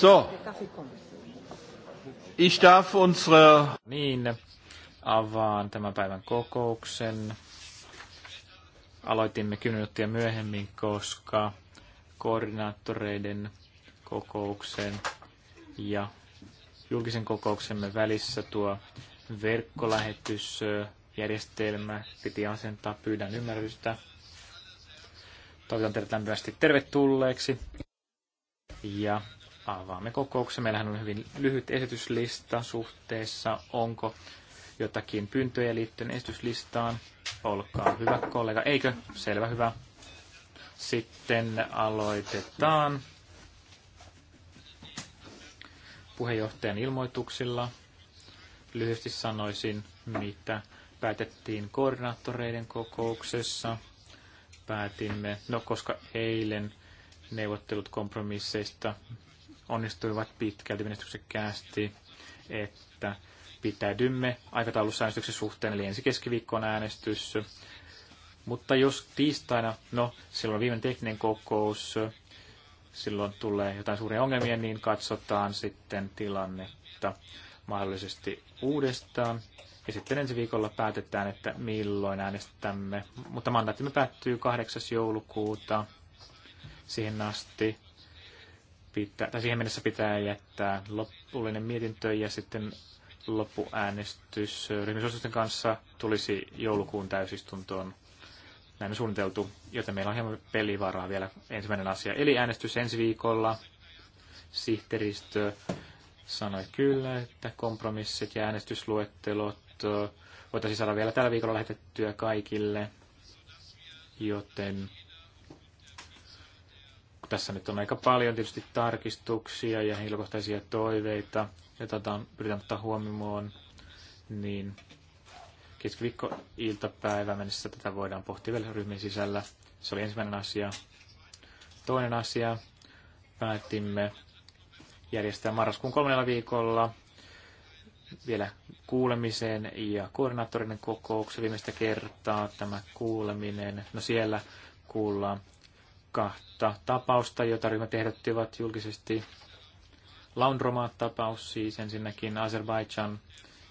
So. Ich darf unsere... Niin, avaan tämän päivän kokouksen. Aloitimme 10 minuuttia myöhemmin, koska koordinaattoreiden kokouksen ja julkisen kokouksemme välissä tuo verkkolähetysjärjestelmä piti asentaa. Pyydän ymmärrystä. Toivotan teidät lämpimästi tervetulleeksi. Ja avaamme kokouksen. Meillähän on hyvin lyhyt esityslista suhteessa, onko jotakin pyyntöjä liittyen esityslistaan. Olkaa hyvä kollega, eikö? Selvä, hyvä. Sitten aloitetaan puheenjohtajan ilmoituksilla. Lyhyesti sanoisin, mitä päätettiin koordinaattoreiden kokouksessa. Päätimme, no koska eilen neuvottelut kompromisseista onnistuivat pitkälti menestyksekkäästi, että pitäydymme aikataulussa äänestyksen suhteen, eli ensi keskiviikkoon äänestys. Mutta jos tiistaina, no silloin on viimeinen tekninen kokous, silloin tulee jotain suuria ongelmia, niin katsotaan sitten tilannetta mahdollisesti uudestaan. Ja sitten ensi viikolla päätetään, että milloin äänestämme. Mutta mandaattimme päättyy 8. joulukuuta. Siihen asti pitää, tai siihen mennessä pitää jättää loppullinen mietintö ja sitten loppuäänestys ryhmisuositusten kanssa tulisi joulukuun täysistuntoon. Näin on suunniteltu, joten meillä on hieman pelivaraa vielä ensimmäinen asia. Eli äänestys ensi viikolla. Sihteeristö sanoi kyllä, että kompromissit ja äänestysluettelot voitaisiin saada vielä tällä viikolla lähetettyä kaikille, joten tässä nyt on aika paljon tietysti tarkistuksia ja henkilökohtaisia toiveita, joita on, pyritään ottaa huomioon, niin keskiviikko iltapäivä mennessä tätä voidaan pohtia vielä ryhmien sisällä. Se oli ensimmäinen asia. Toinen asia, päätimme järjestää marraskuun kolmella viikolla vielä kuulemiseen ja koordinaattorinen kokouksen viimeistä kertaa tämä kuuleminen. No siellä kuullaan kahta tapausta, joita ryhmät ehdottivat julkisesti. Laundromaat-tapaus siis ensinnäkin Azerbaijan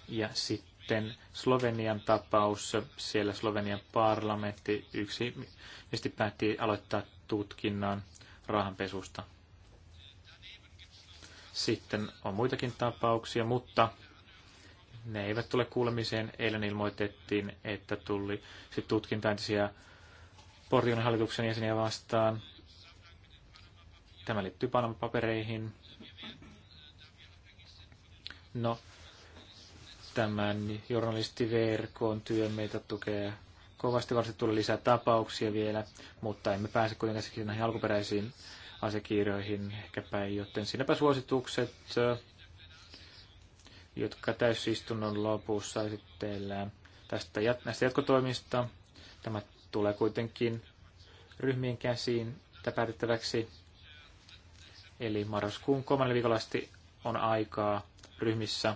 ja sitten Slovenian tapaus. Siellä Slovenian parlamentti yksimielisesti päätti aloittaa tutkinnan rahanpesusta. Sitten on muitakin tapauksia, mutta ne eivät tule kuulemiseen. Eilen ilmoitettiin, että tuli sit tutkintaintisia Portugalin hallituksen jäseniä vastaan. Tämä liittyy Panama-papereihin. No, tämän journalistiverkon työ meitä tukee kovasti. Varmasti tulee lisää tapauksia vielä, mutta emme pääse kuitenkaan näihin alkuperäisiin asiakirjoihin ehkäpä, joten siinäpä suositukset, eh, jotka täysistunnon lopussa esitellään tästä, näistä jatkotoimista. Tämä tulee kuitenkin ryhmien käsiin päätettäväksi. Eli marraskuun kolmannen viikolla asti on aikaa ryhmissä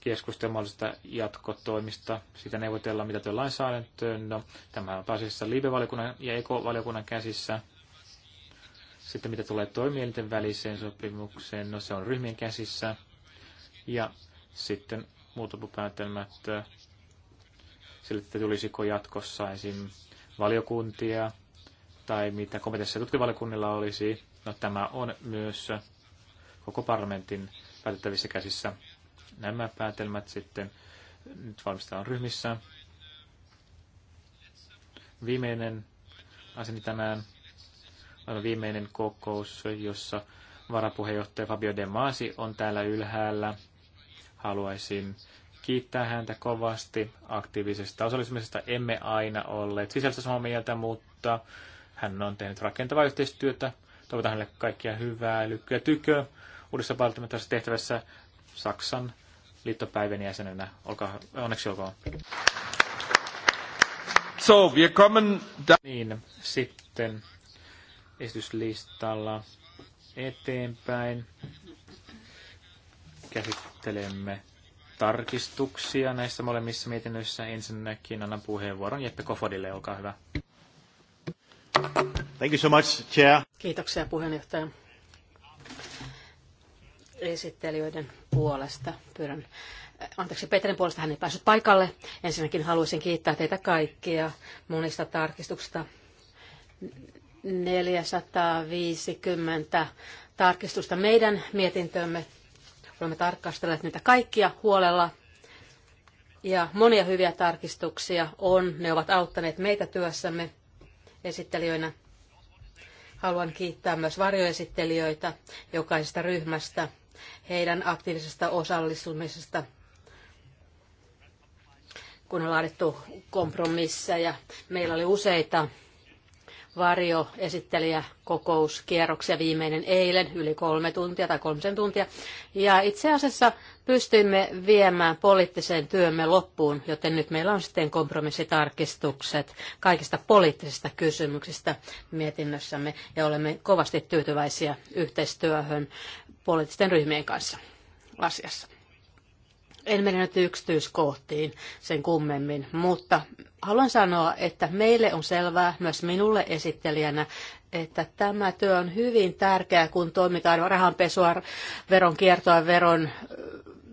keskustelmallisista jatkotoimista. sitä neuvotellaan, mitä työn lainsäädäntöön. No, tämä on pääasiassa liivevaliokunnan ja ekovaliokunnan käsissä. Sitten mitä tulee toimielinten väliseen sopimukseen, no se on ryhmien käsissä. Ja sitten muutopäätelmät sille, tulisiko jatkossa esim valiokuntia tai mitä komiteassa tutkivaliokunnilla olisi. No, tämä on myös koko parlamentin päätettävissä käsissä. Nämä päätelmät sitten nyt valmistetaan ryhmissä. Viimeinen aseni tänään on viimeinen kokous, jossa varapuheenjohtaja Fabio De Masi on täällä ylhäällä. Haluaisin kiittää häntä kovasti aktiivisesta osallistumisesta. Emme aina olleet sisältä samaa mieltä, mutta hän on tehnyt rakentavaa yhteistyötä. Toivotan hänelle kaikkia hyvää, lykkyä tykö uudessa valtimentaisessa tehtävässä Saksan liittopäivän jäsenenä. Olka, onneksi olkoon. So, wir kommen da- niin, sitten esityslistalla eteenpäin käsittelemme tarkistuksia näissä molemmissa mietinnöissä. Ensinnäkin annan puheenvuoron Jeppe Kofodille, olkaa hyvä. Thank you so much, Chair. Kiitoksia puheenjohtaja. Esittelijöiden puolesta pyydän eh, anteeksi Petrin puolesta, hän ei päässyt paikalle. Ensinnäkin haluaisin kiittää teitä kaikkia monista tarkistuksista. 450 tarkistusta meidän mietintömme Olemme tarkastelleet niitä kaikkia huolella ja monia hyviä tarkistuksia on. Ne ovat auttaneet meitä työssämme esittelijöinä. Haluan kiittää myös varjoesittelijöitä jokaisesta ryhmästä heidän aktiivisesta osallistumisesta kun on laadittu kompromisseja. Meillä oli useita esittelijäkokouskierroksia viimeinen eilen, yli kolme tuntia tai kolmisen tuntia. Ja itse asiassa pystyimme viemään poliittisen työmme loppuun, joten nyt meillä on sitten kompromissitarkistukset kaikista poliittisista kysymyksistä mietinnössämme ja olemme kovasti tyytyväisiä yhteistyöhön poliittisten ryhmien kanssa asiassa. En mene nyt yksityiskohtiin sen kummemmin, mutta haluan sanoa, että meille on selvää, myös minulle esittelijänä, että tämä työ on hyvin tärkeää, kun toimitaan rahanpesua, kiertoa, veron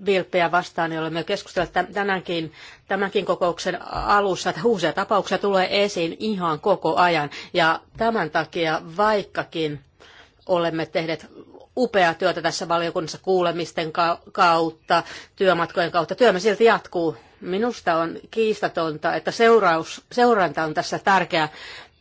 vilpeä vastaan, niin olemme keskustelleet tänäänkin, tämänkin kokouksen alussa, että uusia tapauksia tulee esiin ihan koko ajan. Ja tämän takia, vaikkakin olemme tehneet upeaa työtä tässä valiokunnassa kuulemisten kautta, työmatkojen kautta. Työmme silti jatkuu. Minusta on kiistatonta, että seuraus, seuranta on tässä tärkeää.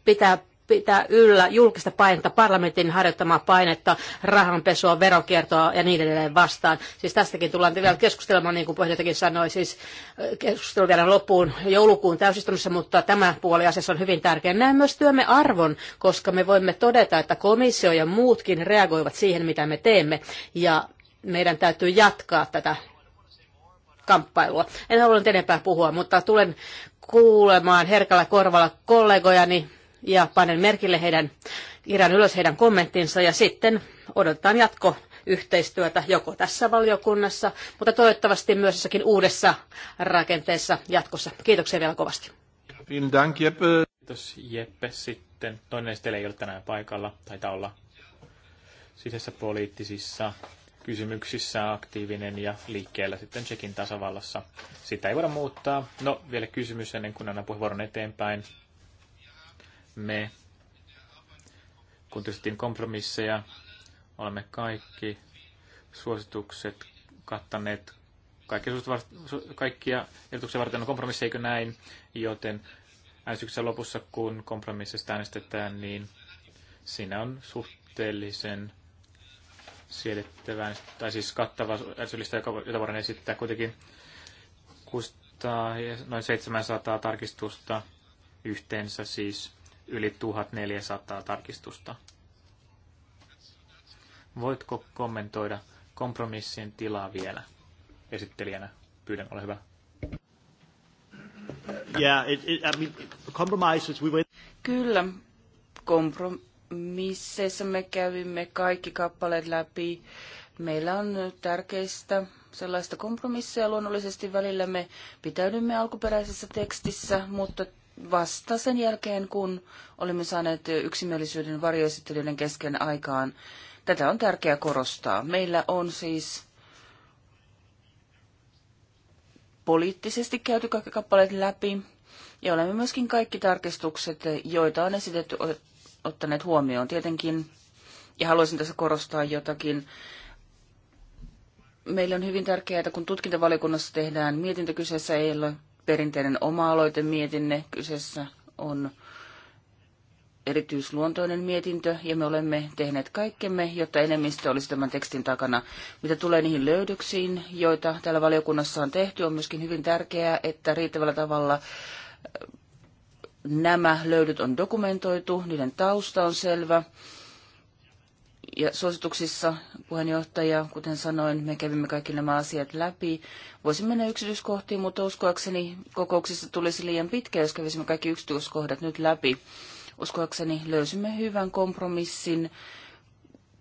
Pitää pitää yllä julkista painetta, parlamentin harjoittamaa painetta, rahanpesua, verokiertoa ja niin edelleen vastaan. Siis tästäkin tullaan vielä keskustelemaan, niin kuin puheenjohtajakin sanoi, siis äh, keskustelu vielä loppuun joulukuun täysistunnossa, mutta tämä puoli asiassa on hyvin tärkeä. Näen myös työmme arvon, koska me voimme todeta, että komissio ja muutkin reagoivat siihen, mitä me teemme, ja meidän täytyy jatkaa tätä kamppailua. En halua enempää puhua, mutta tulen kuulemaan herkällä korvalla kollegojani ja panen merkille heidän, kirjan ylös heidän kommenttinsa ja sitten odotetaan jatko yhteistyötä joko tässä valiokunnassa, mutta toivottavasti myös jossakin uudessa rakenteessa jatkossa. Kiitoksia vielä kovasti. Dank, Jeppe. Kiitos Jeppe sitten. Toinen teille ei ole tänään paikalla, taitaa olla sisässä poliittisissa kysymyksissä aktiivinen ja liikkeellä sitten Tsekin tasavallassa. Sitä ei voida muuttaa. No, vielä kysymys ennen kuin annan puheenvuoron eteenpäin me, kun tehtiin kompromisseja, olemme kaikki suositukset kattaneet kaikki kaikkia ehdotuksia varten on no, kompromissi, eikö näin, joten äänestyksen lopussa, kun kompromissista äänestetään, niin siinä on suhteellisen siedettävän, tai siis kattava äänestyslista, jota voidaan esittää kuitenkin 600, noin 700 tarkistusta yhteensä siis yli 1400 tarkistusta. Voitko kommentoida kompromissien tilaa vielä esittelijänä? Pyydän, ole hyvä. Yeah, it, it, I mean, compromises we went... Kyllä, kompromisseissa me kävimme kaikki kappaleet läpi. Meillä on tärkeistä sellaista kompromisseja. Luonnollisesti välillä me pitäydymme alkuperäisessä tekstissä, mutta vasta sen jälkeen, kun olemme saaneet yksimielisyyden varjoesittelyiden kesken aikaan. Tätä on tärkeää korostaa. Meillä on siis poliittisesti käyty kaikki kappaleet läpi, ja olemme myöskin kaikki tarkistukset, joita on esitetty, ottaneet huomioon tietenkin. Ja haluaisin tässä korostaa jotakin. Meillä on hyvin tärkeää, että kun tutkintavaliokunnassa tehdään mietintö, kyseessä ei ole perinteinen oma-aloitemietinnä. Kyseessä on erityisluontoinen mietintö ja me olemme tehneet kaikkemme, jotta enemmistö olisi tämän tekstin takana. Mitä tulee niihin löydöksiin, joita täällä valiokunnassa on tehty, on myöskin hyvin tärkeää, että riittävällä tavalla äh, nämä löydöt on dokumentoitu, niiden tausta on selvä ja suosituksissa, puheenjohtaja, kuten sanoin, me kävimme kaikki nämä asiat läpi. Voisin mennä yksityiskohtiin, mutta uskoakseni kokouksissa tulisi liian pitkä, jos kävisimme kaikki yksityiskohdat nyt läpi. Uskoakseni löysimme hyvän kompromissin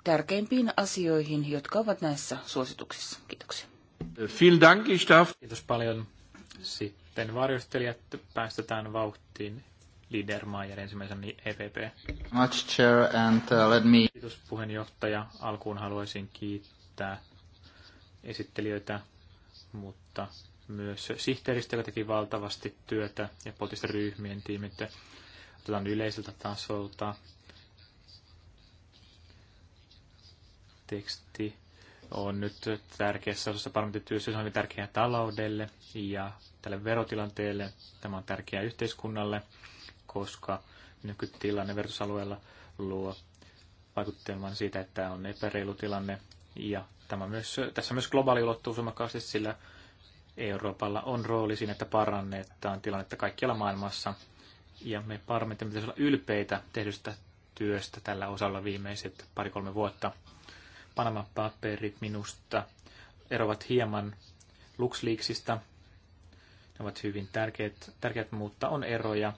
tärkeimpiin asioihin, jotka ovat näissä suosituksissa. Kiitoksia. Kiitos paljon. Sitten varjostelijat päästetään vauhtiin. Niedermayer ensimmäisen EPP. Much chair and uh, let me... Kiitos puheenjohtaja. Alkuun haluaisin kiittää esittelijöitä, mutta myös sihteeristöllä teki valtavasti työtä ja poliittisten ryhmien tiimit otetaan yleiseltä tasolta. Teksti on nyt tärkeässä osassa parlamentityössä, se on tärkeää taloudelle ja tälle verotilanteelle. Tämä on tärkeää yhteiskunnalle koska nykytilanne vertusalueella luo vaikutelman siitä, että on epäreilu tilanne. Ja tämä myös, tässä myös globaali ulottuu voimakkaasti, sillä Euroopalla on rooli siinä, että parannetaan tilannetta kaikkialla maailmassa. Ja me parlamentin pitäisi olla ylpeitä tehdystä työstä tällä osalla viimeiset pari-kolme vuotta. Panama-paperit minusta erovat hieman LuxLeaksista. Ne ovat hyvin tärkeät, tärkeät mutta on eroja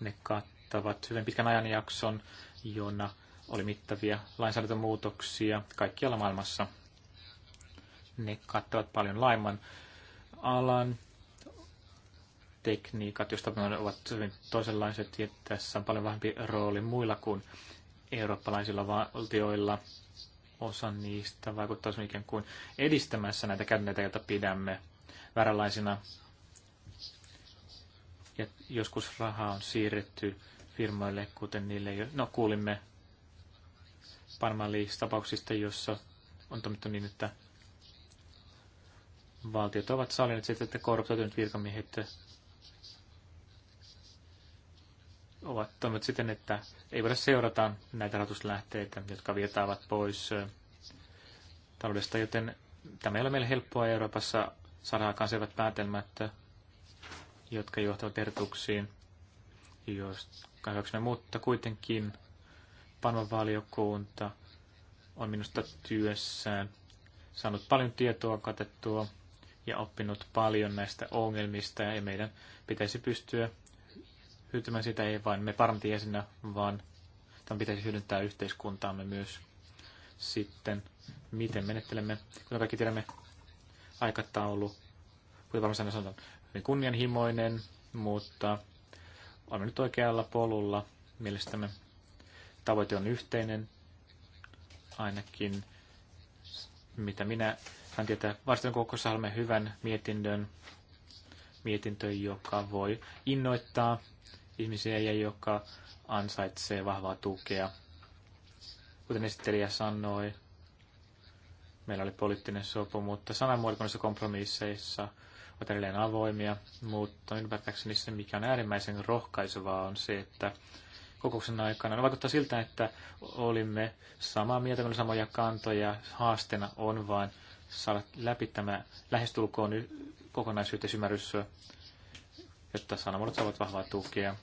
ne kattavat hyvin pitkän ajanjakson, jona oli mittavia lainsäädäntömuutoksia kaikkialla maailmassa. Ne kattavat paljon laiman alan tekniikat, joista ne ovat hyvin toisenlaiset, ja tässä on paljon vähempi rooli muilla kuin eurooppalaisilla valtioilla. Osa niistä vaikuttaa ikään kuin edistämässä näitä käytänteitä, joita pidämme vääränlaisina ja joskus rahaa on siirretty firmoille, kuten niille jo... No, kuulimme Parman tapauksista jossa on toimittu niin, että valtiot ovat sallineet sitä, että korruptoituneet virkamiehet ovat toimineet siten, että ei voida seurata näitä rahoituslähteitä, jotka virtaavat pois taloudesta, joten tämä ei ole meille helppoa Euroopassa saadaan kansainvälät päätelmät jotka johtavat erotuksiin, joista mutta kuitenkin valiokunta on minusta työssään saanut paljon tietoa katettua ja oppinut paljon näistä ongelmista ja meidän pitäisi pystyä hyötymään sitä ei vain me parlamentin vaan tämän pitäisi hyödyntää yhteiskuntaamme myös sitten, miten menettelemme. Kuten kaikki tiedämme, aikataulu, kuten varmasti sanotaan, hyvin kunnianhimoinen, mutta olemme nyt oikealla polulla. Mielestämme tavoite on yhteinen, ainakin mitä minä hän tietää. Vasten kokossa, haluamme hyvän mietinnön, mietintö, joka voi innoittaa ihmisiä ja joka ansaitsee vahvaa tukea. Kuten esittelijä sanoi, meillä oli poliittinen sopu, mutta sanamuodossa kompromisseissa – ovat edelleen avoimia, mutta ymmärtääkseni se, mikä on äärimmäisen rohkaisevaa, on se, että kokouksen aikana, no vaikuttaa siltä, että olimme samaa mieltä, meillä samoja kantoja, haasteena on vain saada läpi tämä lähestulkoon kokonaisyhteisymmärrys, jotta sanamuodot saavat vahvaa tukea.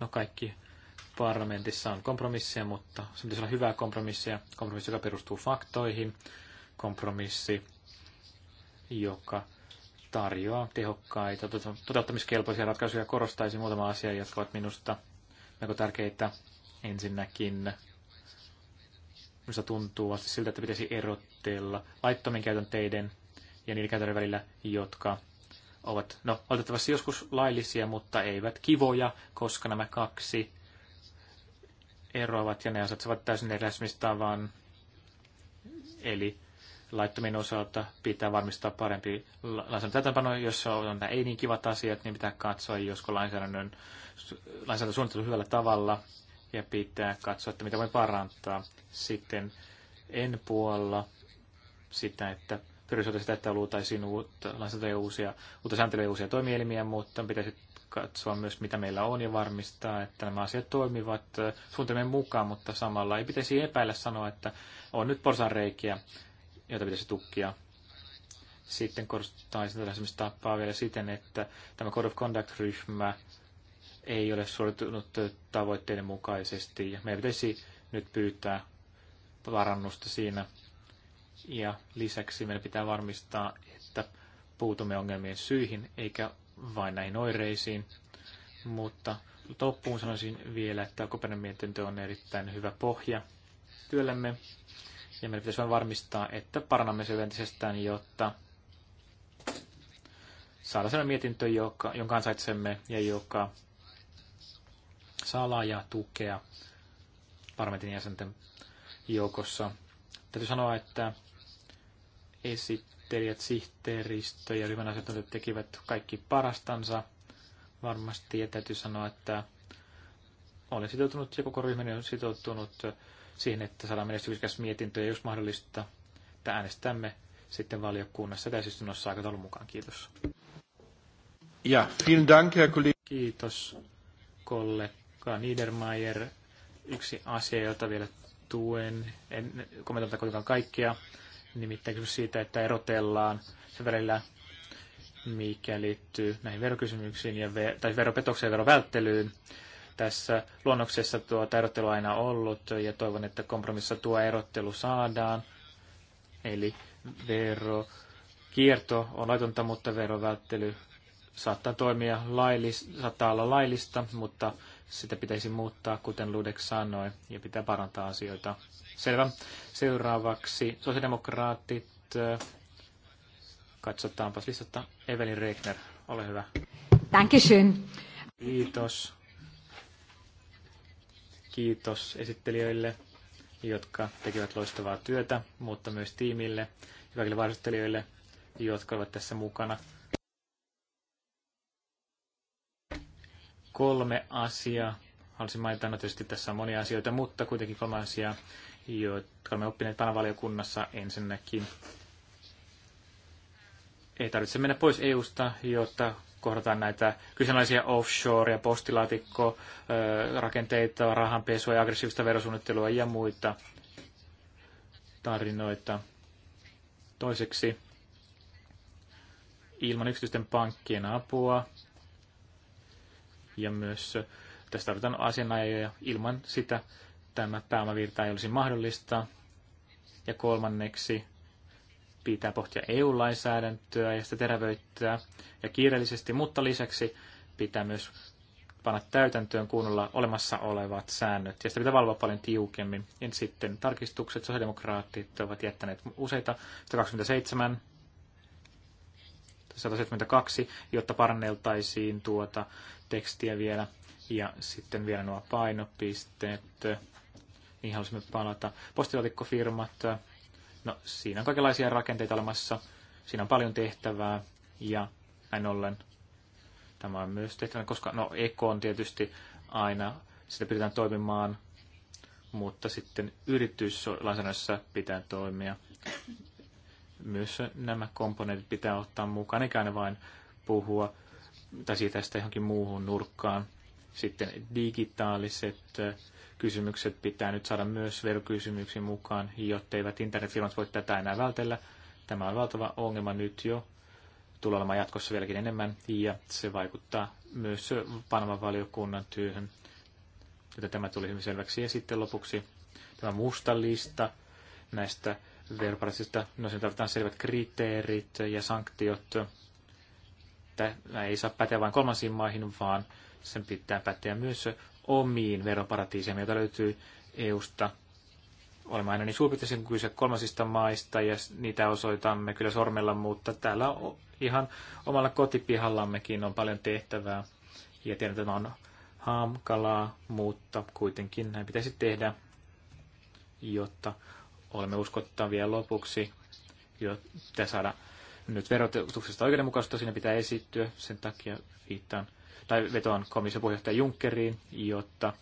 No kaikki parlamentissa on kompromisseja, mutta se pitäisi olla hyvää kompromissia, kompromissi, joka perustuu faktoihin, kompromissi, joka tarjoaa tehokkaita tota- toteuttamiskelpoisia ratkaisuja. Korostaisin muutama asia, jotka ovat minusta melko tärkeitä. Ensinnäkin minusta tuntuu vasta siltä, että pitäisi erotella laittomien teiden ja niiden käytön välillä, jotka ovat, no, otettavasti joskus laillisia, mutta eivät kivoja, koska nämä kaksi eroavat ja ne asetsevat täysin eri vaan, Eli laittomien osalta pitää varmistaa parempi lainsäädäntö. täytäntöpano, jos on nämä ei niin kivat asiat, niin pitää katsoa, josko lainsäädännön, lainsäädäntö suunniteltu hyvällä tavalla ja pitää katsoa, että mitä voi parantaa. Sitten en puolla sitä, että priorisoida sitä, että luotaisiin uutta lainsäädäntöä uusia, uutta sääntelyä ja uusia toimielimiä, mutta pitäisi katsoa myös, mitä meillä on ja varmistaa, että nämä asiat toimivat äh, suunnitelmien mukaan, mutta samalla ei pitäisi epäillä sanoa, että on nyt reikiä joita pitäisi tukkia. Sitten korostaisin tätä tapaa vielä siten, että tämä Code of Conduct-ryhmä ei ole suoritunut tavoitteiden mukaisesti. Ja meidän pitäisi nyt pyytää varannusta siinä. Ja lisäksi meidän pitää varmistaa, että puutumme ongelmien syihin, eikä vain näihin oireisiin. Mutta loppuun sanoisin vielä, että alkuperäinen mietintö on erittäin hyvä pohja työllemme. Ja meidän pitäisi vain varmistaa, että parannamme se entisestään, jotta saada sellainen mietintö, joka, jonka ansaitsemme ja joka saa laajaa tukea parlamentin jäsenten joukossa. Täytyy sanoa, että esittelijät, sihteeristö ja ryhmän asiantuntijat tekivät kaikki parastansa varmasti. Ja täytyy sanoa, että olen sitoutunut ja koko ryhmäni on sitoutunut siihen, että saadaan menestyksikäs mietintö ja jos mahdollista, että äänestämme sitten valiokunnassa täysistunnossa aikataulun mukaan. Kiitos. Ja, vielen dank, Herr Kiitos, kollega Niedermayer. Yksi asia, jota vielä tuen, en kommentoida kuitenkaan kaikkia, nimittäin kysymys siitä, että erotellaan sen välillä, mikä liittyy näihin verokysymyksiin ja ve- tai veropetokseen ja verovälttelyyn tässä luonnoksessa tuo erottelu aina ollut ja toivon, että kompromissa tuo erottelu saadaan. Eli vero kierto on laitonta, mutta verovälttely saattaa toimia laillis, saattaa olla laillista, mutta sitä pitäisi muuttaa, kuten Ludek sanoi, ja pitää parantaa asioita. Selvä. Seuraavaksi sosiaalidemokraatit. Äh, katsotaanpas listata. Evelin Regner, ole hyvä. Dankeschön. Kiitos. Kiitos esittelijöille, jotka tekivät loistavaa työtä, mutta myös tiimille ja kaikille varustelijoille, jotka ovat tässä mukana. Kolme asiaa. Haluaisin mainita, no tietysti tässä on monia asioita, mutta kuitenkin kolme asiaa, jotka olemme oppineet panavaliokunnassa ensinnäkin. Ei tarvitse mennä pois EUsta, jotta kohdataan näitä kyseenalaisia offshore- ja postilaatikkorakenteita, rahanpesua ja aggressiivista verosuunnittelua ja muita tarinoita. Toiseksi ilman yksityisten pankkien apua ja myös tästä tarvitaan asianajoja. Ilman sitä tämä pääomavirta ei olisi mahdollista. Ja kolmanneksi pitää pohtia EU-lainsäädäntöä ja sitä terävöittää ja kiireellisesti, mutta lisäksi pitää myös panna täytäntöön kunnolla olemassa olevat säännöt, ja sitä pitää valvoa paljon tiukemmin. Ja sitten tarkistukset, sosiaalidemokraatit ovat jättäneet useita, 127, 172, jotta paranneltaisiin tuota tekstiä vielä, ja sitten vielä nuo painopisteet, niihin halusimme palata. Postilaatikkofirmat, No, siinä on kaikenlaisia rakenteita olemassa, siinä on paljon tehtävää ja näin ollen tämä on myös tehtävä, koska no eko on tietysti aina, sitä pyritään toimimaan, mutta sitten yrityslainsäädännössä pitää toimia. Myös nämä komponentit pitää ottaa mukaan, eikä aina vain puhua tai siitä sitä johonkin muuhun nurkkaan. Sitten digitaaliset kysymykset pitää nyt saada myös verokysymyksiin mukaan, jotteivät internetfirmat voi tätä enää vältellä. Tämä on valtava ongelma nyt jo, tulee olemaan jatkossa vieläkin enemmän, ja se vaikuttaa myös Panaman valiokunnan työhön, joten tämä tuli hyvin selväksi. Ja sitten lopuksi tämä musta lista näistä veroparatiisista, no sen tarvitaan selvät kriteerit ja sanktiot. Tämä ei saa päteä vain kolmansiin maihin, vaan sen pitää päteä myös omiin veroparatiiseihin, joita löytyy EUsta. Olemme aina niin suurpiirteisiä kuin kyse kolmasista maista ja niitä osoitamme kyllä sormella, mutta täällä on ihan omalla kotipihallammekin on paljon tehtävää. Ja tiedän, että on hankalaa, mutta kuitenkin näin pitäisi tehdä, jotta olemme uskottavia lopuksi. jotta saada nyt verotuksesta oikeudenmukaisuutta, siinä pitää esittyä, sen takia viittaan tai vetoan komission puheenjohtaja Junckeriin, jotta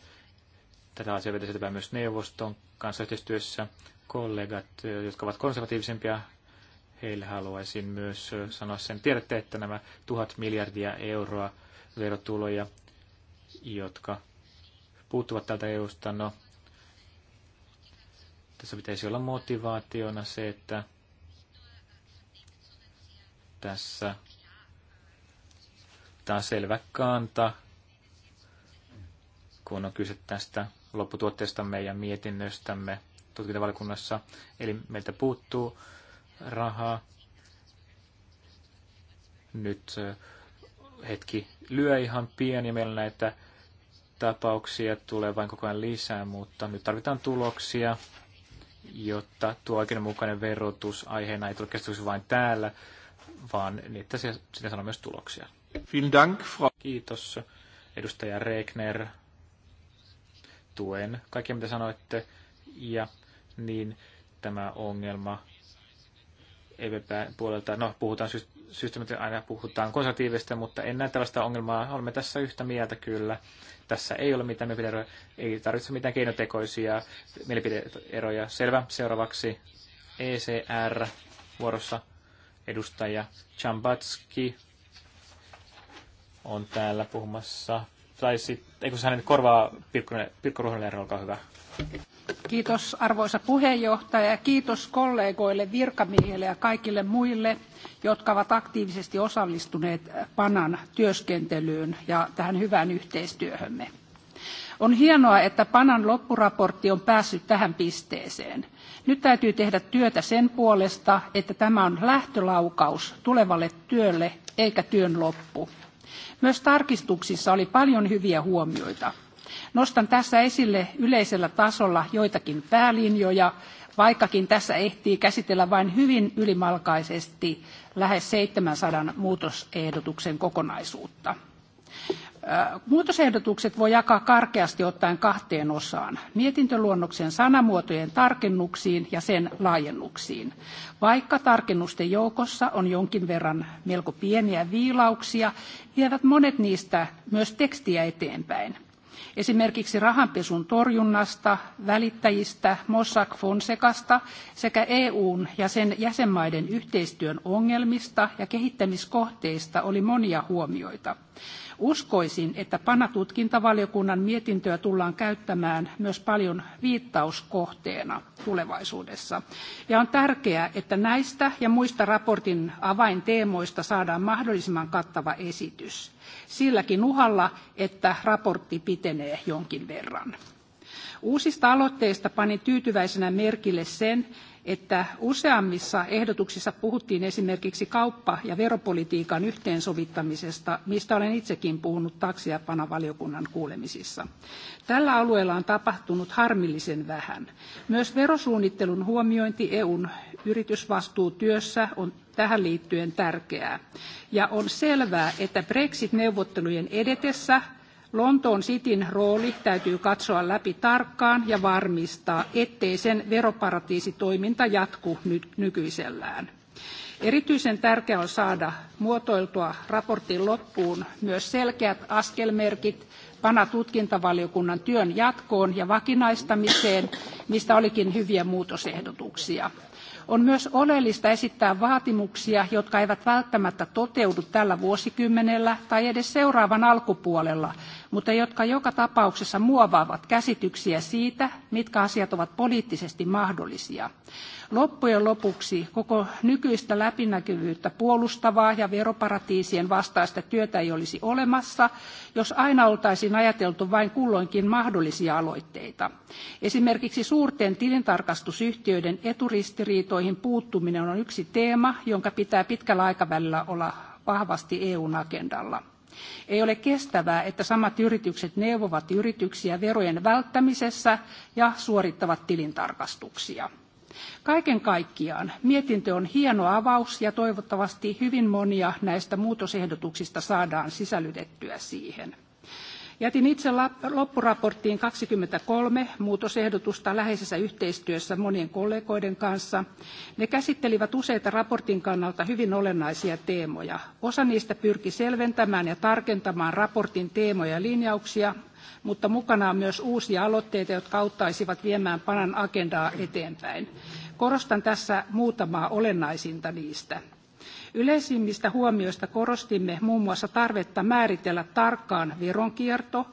tätä asiaa vetäisetään myös neuvoston kanssa yhteistyössä. Kollegat, jotka ovat konservatiivisempia, heille haluaisin myös sanoa sen. Tiedätte, että nämä tuhat miljardia euroa verotuloja, jotka puuttuvat tältä EUsta, no tässä pitäisi olla motivaationa se, että tässä ottaa selvä kanta, kun on kyse tästä lopputuotteestamme ja mietinnöstämme tutkintavalikunnassa. Eli meiltä puuttuu rahaa. Nyt hetki lyö ihan pieni ja meillä näitä tapauksia tulee vain koko ajan lisää, mutta nyt tarvitaan tuloksia, jotta tuo oikeudenmukainen verotus aiheena ei tule vain täällä, vaan niin, että sitä sanoo myös tuloksia. Kiitos, edustaja Regner. Tuen kaikkea, mitä sanoitte. Ja niin tämä ongelma EVP-puolelta, no puhutaan systeemistä, aina puhutaan konservatiivista, mutta en näe tällaista ongelmaa. Olemme tässä yhtä mieltä kyllä. Tässä ei ole mitään mielipideeroja, ei tarvitse mitään keinotekoisia mielipideeroja. Selvä. Seuraavaksi ECR vuorossa edustaja Chambatski on täällä puhumassa. Tai sitten, eikö hänen korvaa Pirkko Ruohonen olkaa hyvä. Kiitos arvoisa puheenjohtaja ja kiitos kollegoille, virkamiehille ja kaikille muille, jotka ovat aktiivisesti osallistuneet Panan työskentelyyn ja tähän hyvään yhteistyöhömme. On hienoa, että Panan loppuraportti on päässyt tähän pisteeseen. Nyt täytyy tehdä työtä sen puolesta, että tämä on lähtölaukaus tulevalle työlle eikä työn loppu. Myös tarkistuksissa oli paljon hyviä huomioita. Nostan tässä esille yleisellä tasolla joitakin päälinjoja, vaikkakin tässä ehtii käsitellä vain hyvin ylimalkaisesti lähes 700 muutosehdotuksen kokonaisuutta. Muutosehdotukset voi jakaa karkeasti ottaen kahteen osaan. Mietintöluonnoksen sanamuotojen tarkennuksiin ja sen laajennuksiin. Vaikka tarkennusten joukossa on jonkin verran melko pieniä viilauksia, vievät monet niistä myös tekstiä eteenpäin. Esimerkiksi rahanpesun torjunnasta, välittäjistä, Mossack Fonsecasta sekä EUn ja sen jäsenmaiden yhteistyön ongelmista ja kehittämiskohteista oli monia huomioita. Uskoisin, että PANA-tutkintavaliokunnan mietintöä tullaan käyttämään myös paljon viittauskohteena tulevaisuudessa. Ja on tärkeää, että näistä ja muista raportin avainteemoista saadaan mahdollisimman kattava esitys. Silläkin uhalla, että raportti pitenee jonkin verran. Uusista aloitteista panin tyytyväisenä merkille sen, että useammissa ehdotuksissa puhuttiin esimerkiksi kauppa- ja veropolitiikan yhteensovittamisesta, mistä olen itsekin puhunut taksi- ja panavaliokunnan kuulemisissa. Tällä alueella on tapahtunut harmillisen vähän. Myös verosuunnittelun huomiointi EUn yritysvastuutyössä on tähän liittyen tärkeää. Ja on selvää, että Brexit-neuvottelujen edetessä Lontoon Cityn rooli täytyy katsoa läpi tarkkaan ja varmistaa, ettei sen veroparatiisitoiminta jatku nyt nykyisellään. Erityisen tärkeää on saada muotoiltua raportin loppuun myös selkeät askelmerkit pana tutkintavaliokunnan työn jatkoon ja vakinaistamiseen, mistä olikin hyviä muutosehdotuksia. On myös oleellista esittää vaatimuksia, jotka eivät välttämättä toteudu tällä vuosikymmenellä tai edes seuraavan alkupuolella, mutta jotka joka tapauksessa muovaavat käsityksiä siitä, mitkä asiat ovat poliittisesti mahdollisia. Loppujen lopuksi koko nykyistä läpinäkyvyyttä puolustavaa ja veroparatiisien vastaista työtä ei olisi olemassa, jos aina oltaisiin ajateltu vain kulloinkin mahdollisia aloitteita. Esimerkiksi suurten tilintarkastusyhtiöiden eturistiriitoihin puuttuminen on yksi teema, jonka pitää pitkällä aikavälillä olla vahvasti eu agendalla. Ei ole kestävää, että samat yritykset neuvovat yrityksiä verojen välttämisessä ja suorittavat tilintarkastuksia. Kaiken kaikkiaan mietintö on hieno avaus ja toivottavasti hyvin monia näistä muutosehdotuksista saadaan sisällytettyä siihen. Jätin itse loppuraporttiin 23 muutosehdotusta läheisessä yhteistyössä monien kollegoiden kanssa. Ne käsittelivät useita raportin kannalta hyvin olennaisia teemoja. Osa niistä pyrki selventämään ja tarkentamaan raportin teemoja ja linjauksia, mutta mukana on myös uusia aloitteita, jotka auttaisivat viemään panan agendaa eteenpäin. Korostan tässä muutamaa olennaisinta niistä. Yleisimmistä huomioista korostimme muun muassa tarvetta määritellä tarkkaan veronkierto,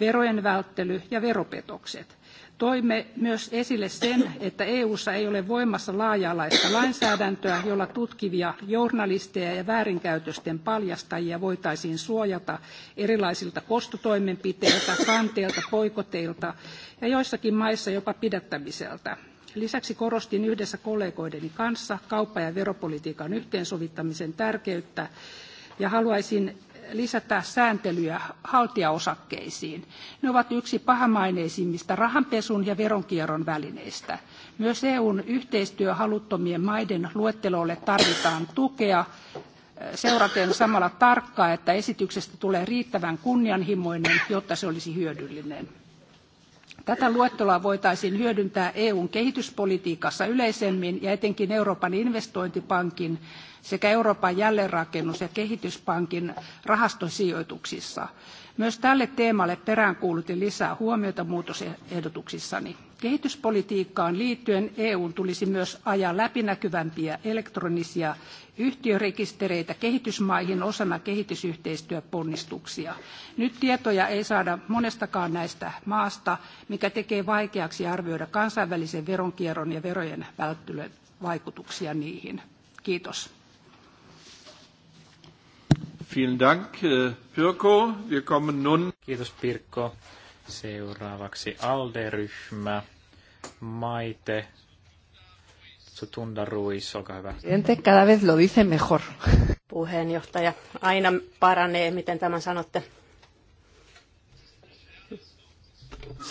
verojen välttely ja veropetokset. Toimme myös esille sen, että EU:ssa ei ole voimassa laaja-alaista lainsäädäntöä, jolla tutkivia journalisteja ja väärinkäytösten paljastajia voitaisiin suojata erilaisilta kostotoimenpiteiltä, kanteilta, poikoteilta ja joissakin maissa jopa pidättämiseltä. Lisäksi korostin yhdessä kollegoideni kanssa kauppa- ja veropolitiikan yhteensovittamisen tärkeyttä ja haluaisin lisätä sääntelyä haltijaosakkeisiin. Ne ovat yksi pahamaineisimmista rahanpesun ja veronkierron välineistä. Myös EUn yhteistyöhaluttomien maiden luettelolle tarvitaan tukea seuraten samalla tarkkaa, että esityksestä tulee riittävän kunnianhimoinen, jotta se olisi hyödyllinen. Tätä luetteloa voitaisiin hyödyntää EUn kehityspolitiikassa yleisemmin ja etenkin Euroopan investointipankin sekä Euroopan jälleenrakennus- ja kehityspankin rahastosijoituksissa. Myös tälle teemalle peräänkuulutin lisää huomiota muutosehdotuksissani. Kehityspolitiikkaan liittyen EUn tulisi myös ajaa läpinäkyvämpiä elektronisia yhtiörekistereitä kehitysmaihin osana kehitysyhteistyöponnistuksia. Nyt tietoja ei saada monestakaan näistä maasta, mikä tekee vaikeaksi arvioida kansainvälisen veronkierron ja verojen välttelyn vaikutuksia niihin. Kiitos. Vielen Dank, äh, Pirko. Wir kommen nun. Kiitos, Pirkko. Seuraavaksi ALDE-ryhmä. Maite Sutunda Ruiz, olkaa hyvä. Presidente, cada vez lo dice mejor. Puheenjohtaja, aina paranee, miten tämän sanotte.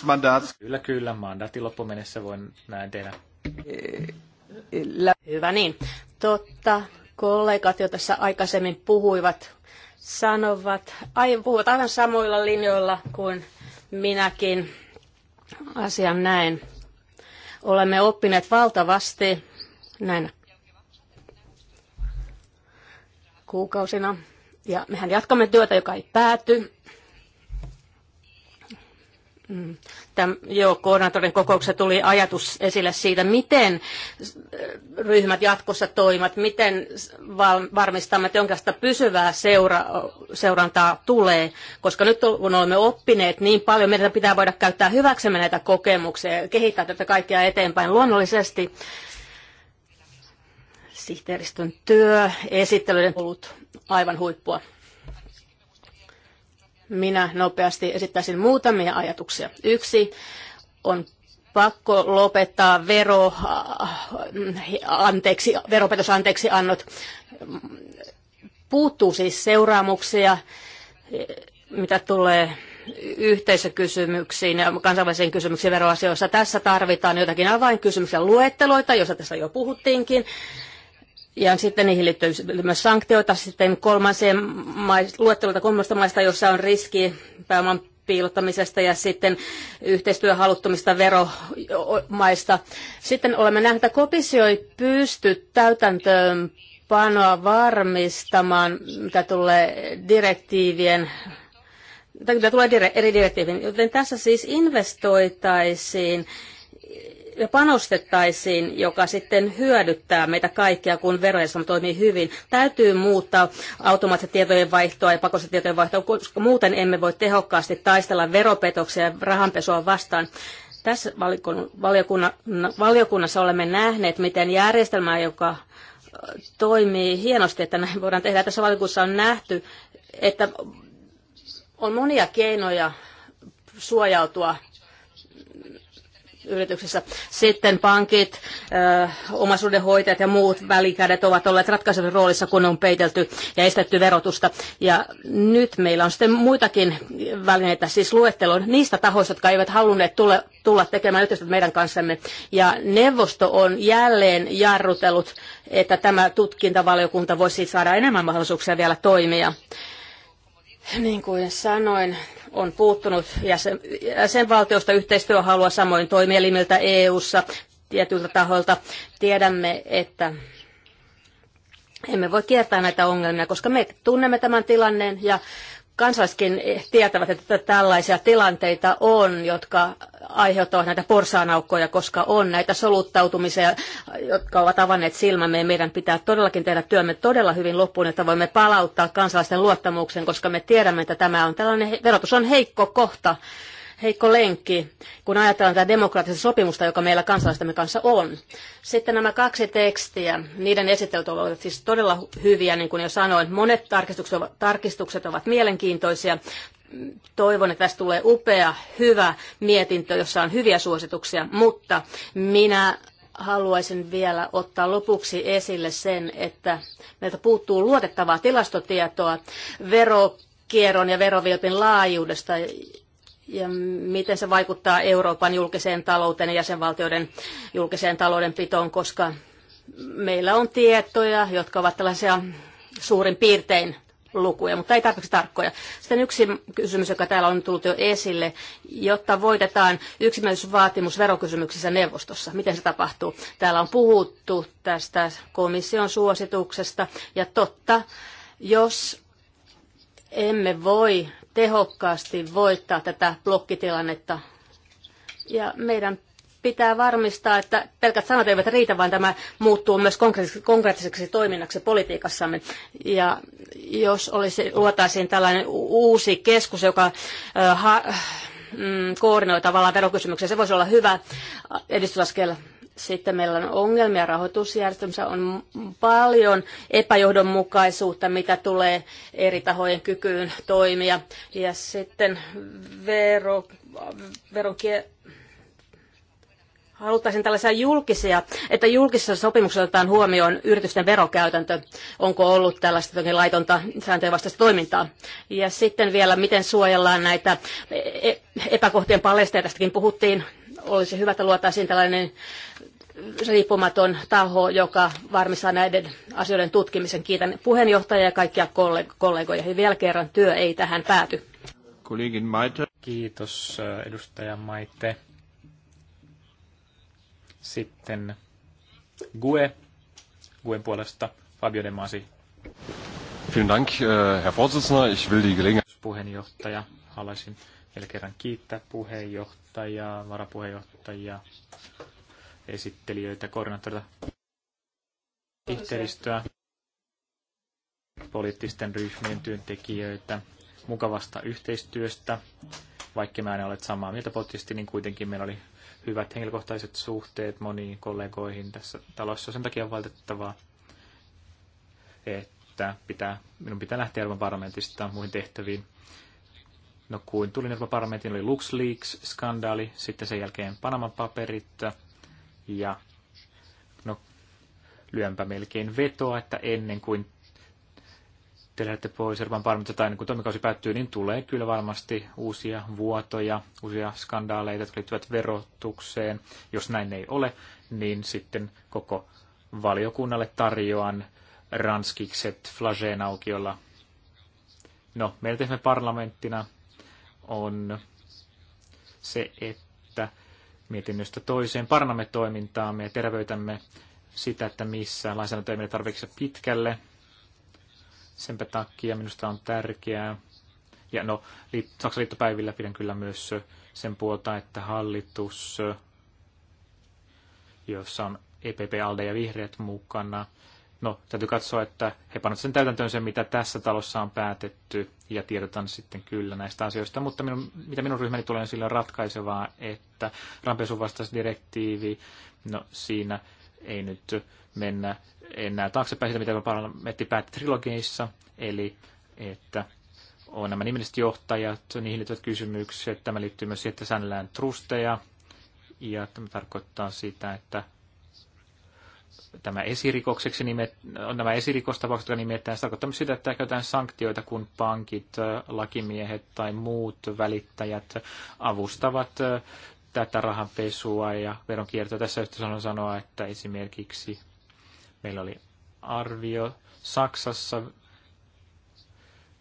Mandaat. Kyllä, kyllä. Mandaatin loppumennessä voin näin tehdä. Eh, eh, hyvä niin. Totta, kollegat jo tässä aikaisemmin puhuivat, sanovat, aivan, puhuvat aivan samoilla linjoilla kuin Minäkin asian näen. Olemme oppineet valtavasti näinä kuukausina. Ja mehän jatkamme työtä, joka ei pääty. Mm. Tämän joo, koordinaattorin kokouksessa tuli ajatus esille siitä, miten äh, ryhmät jatkossa toimivat, miten varmistamme, että jonkinlaista pysyvää seura- seurantaa tulee, koska nyt kun olemme oppineet niin paljon, meidän pitää voida käyttää hyväksemme näitä kokemuksia ja kehittää tätä kaikkea eteenpäin luonnollisesti. Sihteeristön työ, esittelyiden ollut aivan huippua. Minä nopeasti esittäisin muutamia ajatuksia. Yksi on pakko lopettaa vero, äh, anteeksi, veropetos anteeksi annot. Puuttuu siis seuraamuksia, mitä tulee yhteisökysymyksiin ja kansainvälisiin kysymyksiin veroasioissa. Tässä tarvitaan jotakin avainkysymyksiä luetteloita, joista tässä jo puhuttiinkin. Ja sitten niihin liittyy myös sanktioita sitten kolmansien luettelulta kolmesta maista, jossa on riski pääoman piilottamisesta ja sitten yhteistyöhaluttomista veromaista. Sitten olemme nähneet, että komissio ei pysty täytäntöön panoa varmistamaan, mitä tulee direktiivien mitä tulee eri direktiivin, joten tässä siis investoitaisiin ja panostettaisiin, joka sitten hyödyttää meitä kaikkia, kun verojärjestelmä toimii hyvin. Täytyy muuttaa automaattista tietojen vaihtoa ja pakollista tietojen vaihtoa, koska muuten emme voi tehokkaasti taistella veropetoksia ja rahanpesua vastaan. Tässä valiokunnassa olemme nähneet, miten järjestelmä, joka toimii hienosti, että näin voidaan tehdä. Tässä valiokunnassa on nähty, että on monia keinoja suojautua Yrityksissä Sitten pankit, omaisuudenhoitajat ja muut välikädet ovat olleet ratkaisevassa roolissa, kun on peitelty ja estetty verotusta. Ja nyt meillä on sitten muitakin välineitä, siis luettelon niistä tahoista, jotka eivät halunneet tulla, tulla tekemään yhteistyötä meidän kanssamme. Ja neuvosto on jälleen jarrutellut, että tämä tutkintavaliokunta voisi saada enemmän mahdollisuuksia vielä toimia. Niin kuin sanoin, on puuttunut jäsen, jäsenvaltiosta yhteistyöhalua samoin toimielimiltä EU-ssa tietyiltä tahoilta. Tiedämme, että emme voi kiertää näitä ongelmia, koska me tunnemme tämän tilanteen ja kansalaisetkin tietävät, että tällaisia tilanteita on, jotka aiheuttavat näitä porsaanaukkoja, koska on näitä soluttautumisia, jotka ovat avanneet silmämme. Meidän pitää todellakin tehdä työmme todella hyvin loppuun, että voimme palauttaa kansalaisten luottamuksen, koska me tiedämme, että tämä on tällainen, verotus on heikko kohta heikko lenkki, kun ajatellaan tätä demokraattista sopimusta, joka meillä kansalaistamme kanssa on. Sitten nämä kaksi tekstiä, niiden esitelty ovat siis todella hyviä, niin kuin jo sanoin. Monet tarkistukset ovat, tarkistukset ovat mielenkiintoisia. Toivon, että tästä tulee upea, hyvä mietintö, jossa on hyviä suosituksia, mutta minä haluaisin vielä ottaa lopuksi esille sen, että meiltä puuttuu luotettavaa tilastotietoa verokierron ja verovilpin laajuudesta, ja miten se vaikuttaa Euroopan julkiseen talouteen ja jäsenvaltioiden julkiseen taloudenpitoon, koska meillä on tietoja, jotka ovat tällaisia suurin piirtein lukuja, mutta ei tarpeeksi tarkkoja. Sitten yksi kysymys, joka täällä on tullut jo esille, jotta voitetaan yksimielisyysvaatimus verokysymyksissä neuvostossa. Miten se tapahtuu? Täällä on puhuttu tästä komission suosituksesta, ja totta, jos emme voi tehokkaasti voittaa tätä blokkitilannetta. Ja meidän pitää varmistaa, että pelkät sanat eivät riitä, vaan tämä muuttuu myös konkreettiseksi toiminnaksi politiikassamme. Ja jos olisi, luotaisiin tällainen uusi keskus, joka ha, mm, koordinoi tavallaan verokysymyksiä, se voisi olla hyvä edistysaskel sitten meillä on ongelmia rahoitusjärjestelmässä, on paljon epäjohdonmukaisuutta, mitä tulee eri tahojen kykyyn toimia. Ja sitten vero, veronkie, haluttaisiin tällaisia julkisia, että julkisessa sopimuksessa otetaan huomioon yritysten verokäytäntö, onko ollut tällaista laitonta sääntöjen vastaista toimintaa. Ja sitten vielä, miten suojellaan näitä e- e- epäkohtien paljasteja, tästäkin puhuttiin, olisi hyvä, että luotaisiin tällainen riippumaton taho, joka varmistaa näiden asioiden tutkimisen. Kiitän puheenjohtajaa ja kaikkia kollegoja. Ja vielä kerran työ ei tähän pääty. Kollegin Maite. Kiitos äh, edustaja Maite. Sitten Gue. Guen puolesta Fabio De Masi. Vielen Dank, äh, Herr Vorsitzender. Ich will die Gelegenheit... Puheenjohtaja, haluaisin vielä kerran kiittää puheenjohtajaa, varapuheenjohtajaa esittelijöitä, koordinaattoreita, sihteeristöä, poliittisten ryhmien työntekijöitä, mukavasta yhteistyöstä. Vaikka mä en ole samaa mieltä poliittisesti, niin kuitenkin meillä oli hyvät henkilökohtaiset suhteet moniin kollegoihin tässä talossa. Sen takia on valitettavaa, että pitää, minun pitää lähteä Euroopan parlamentista muihin tehtäviin. No kuin tulin Euroopan parlamentin, oli LuxLeaks-skandaali, sitten sen jälkeen Panaman paperit, ja no, lyönpä melkein vetoa, että ennen kuin te lähdette pois Euroopan parlamentista tai ennen kuin toimikausi päättyy, niin tulee kyllä varmasti uusia vuotoja, uusia skandaaleita, jotka liittyvät verotukseen. Jos näin ei ole, niin sitten koko valiokunnalle tarjoan ranskikset flageen aukiolla. No, meidän parlamenttina on se, että mietinnöstä toiseen. Parannamme toimintaa ja terveytämme sitä, että missä lainsäädäntö ei mene tarpeeksi pitkälle. Senpä takia minusta on tärkeää. Ja no, Saksan liittopäivillä pidän kyllä myös sen puolta, että hallitus, jossa on EPP, ALDE ja vihreät mukana, No, täytyy katsoa, että he panot sen täytäntöön sen, mitä tässä talossa on päätetty, ja tiedotan sitten kyllä näistä asioista. Mutta minun, mitä minun ryhmäni tulee, niin on sillä ratkaisevaa, että rampesun vastaisdirektiivi, no siinä ei nyt mennä enää taaksepäin sitä, mitä parlamentti päätti trilogeissa, eli että on nämä nimelliset johtajat, niihin liittyvät kysymykset. Tämä liittyy myös siihen, että säännellään trusteja, ja tämä tarkoittaa sitä, että tämä esirikokseksi nimet, nämä esirikostapaukset, jotka nimetään, se tarkoittaa sitä, että käytetään sanktioita, kun pankit, lakimiehet tai muut välittäjät avustavat tätä rahanpesua ja veronkiertoa. Tässä yhteydessä on sanoa, että esimerkiksi meillä oli arvio Saksassa,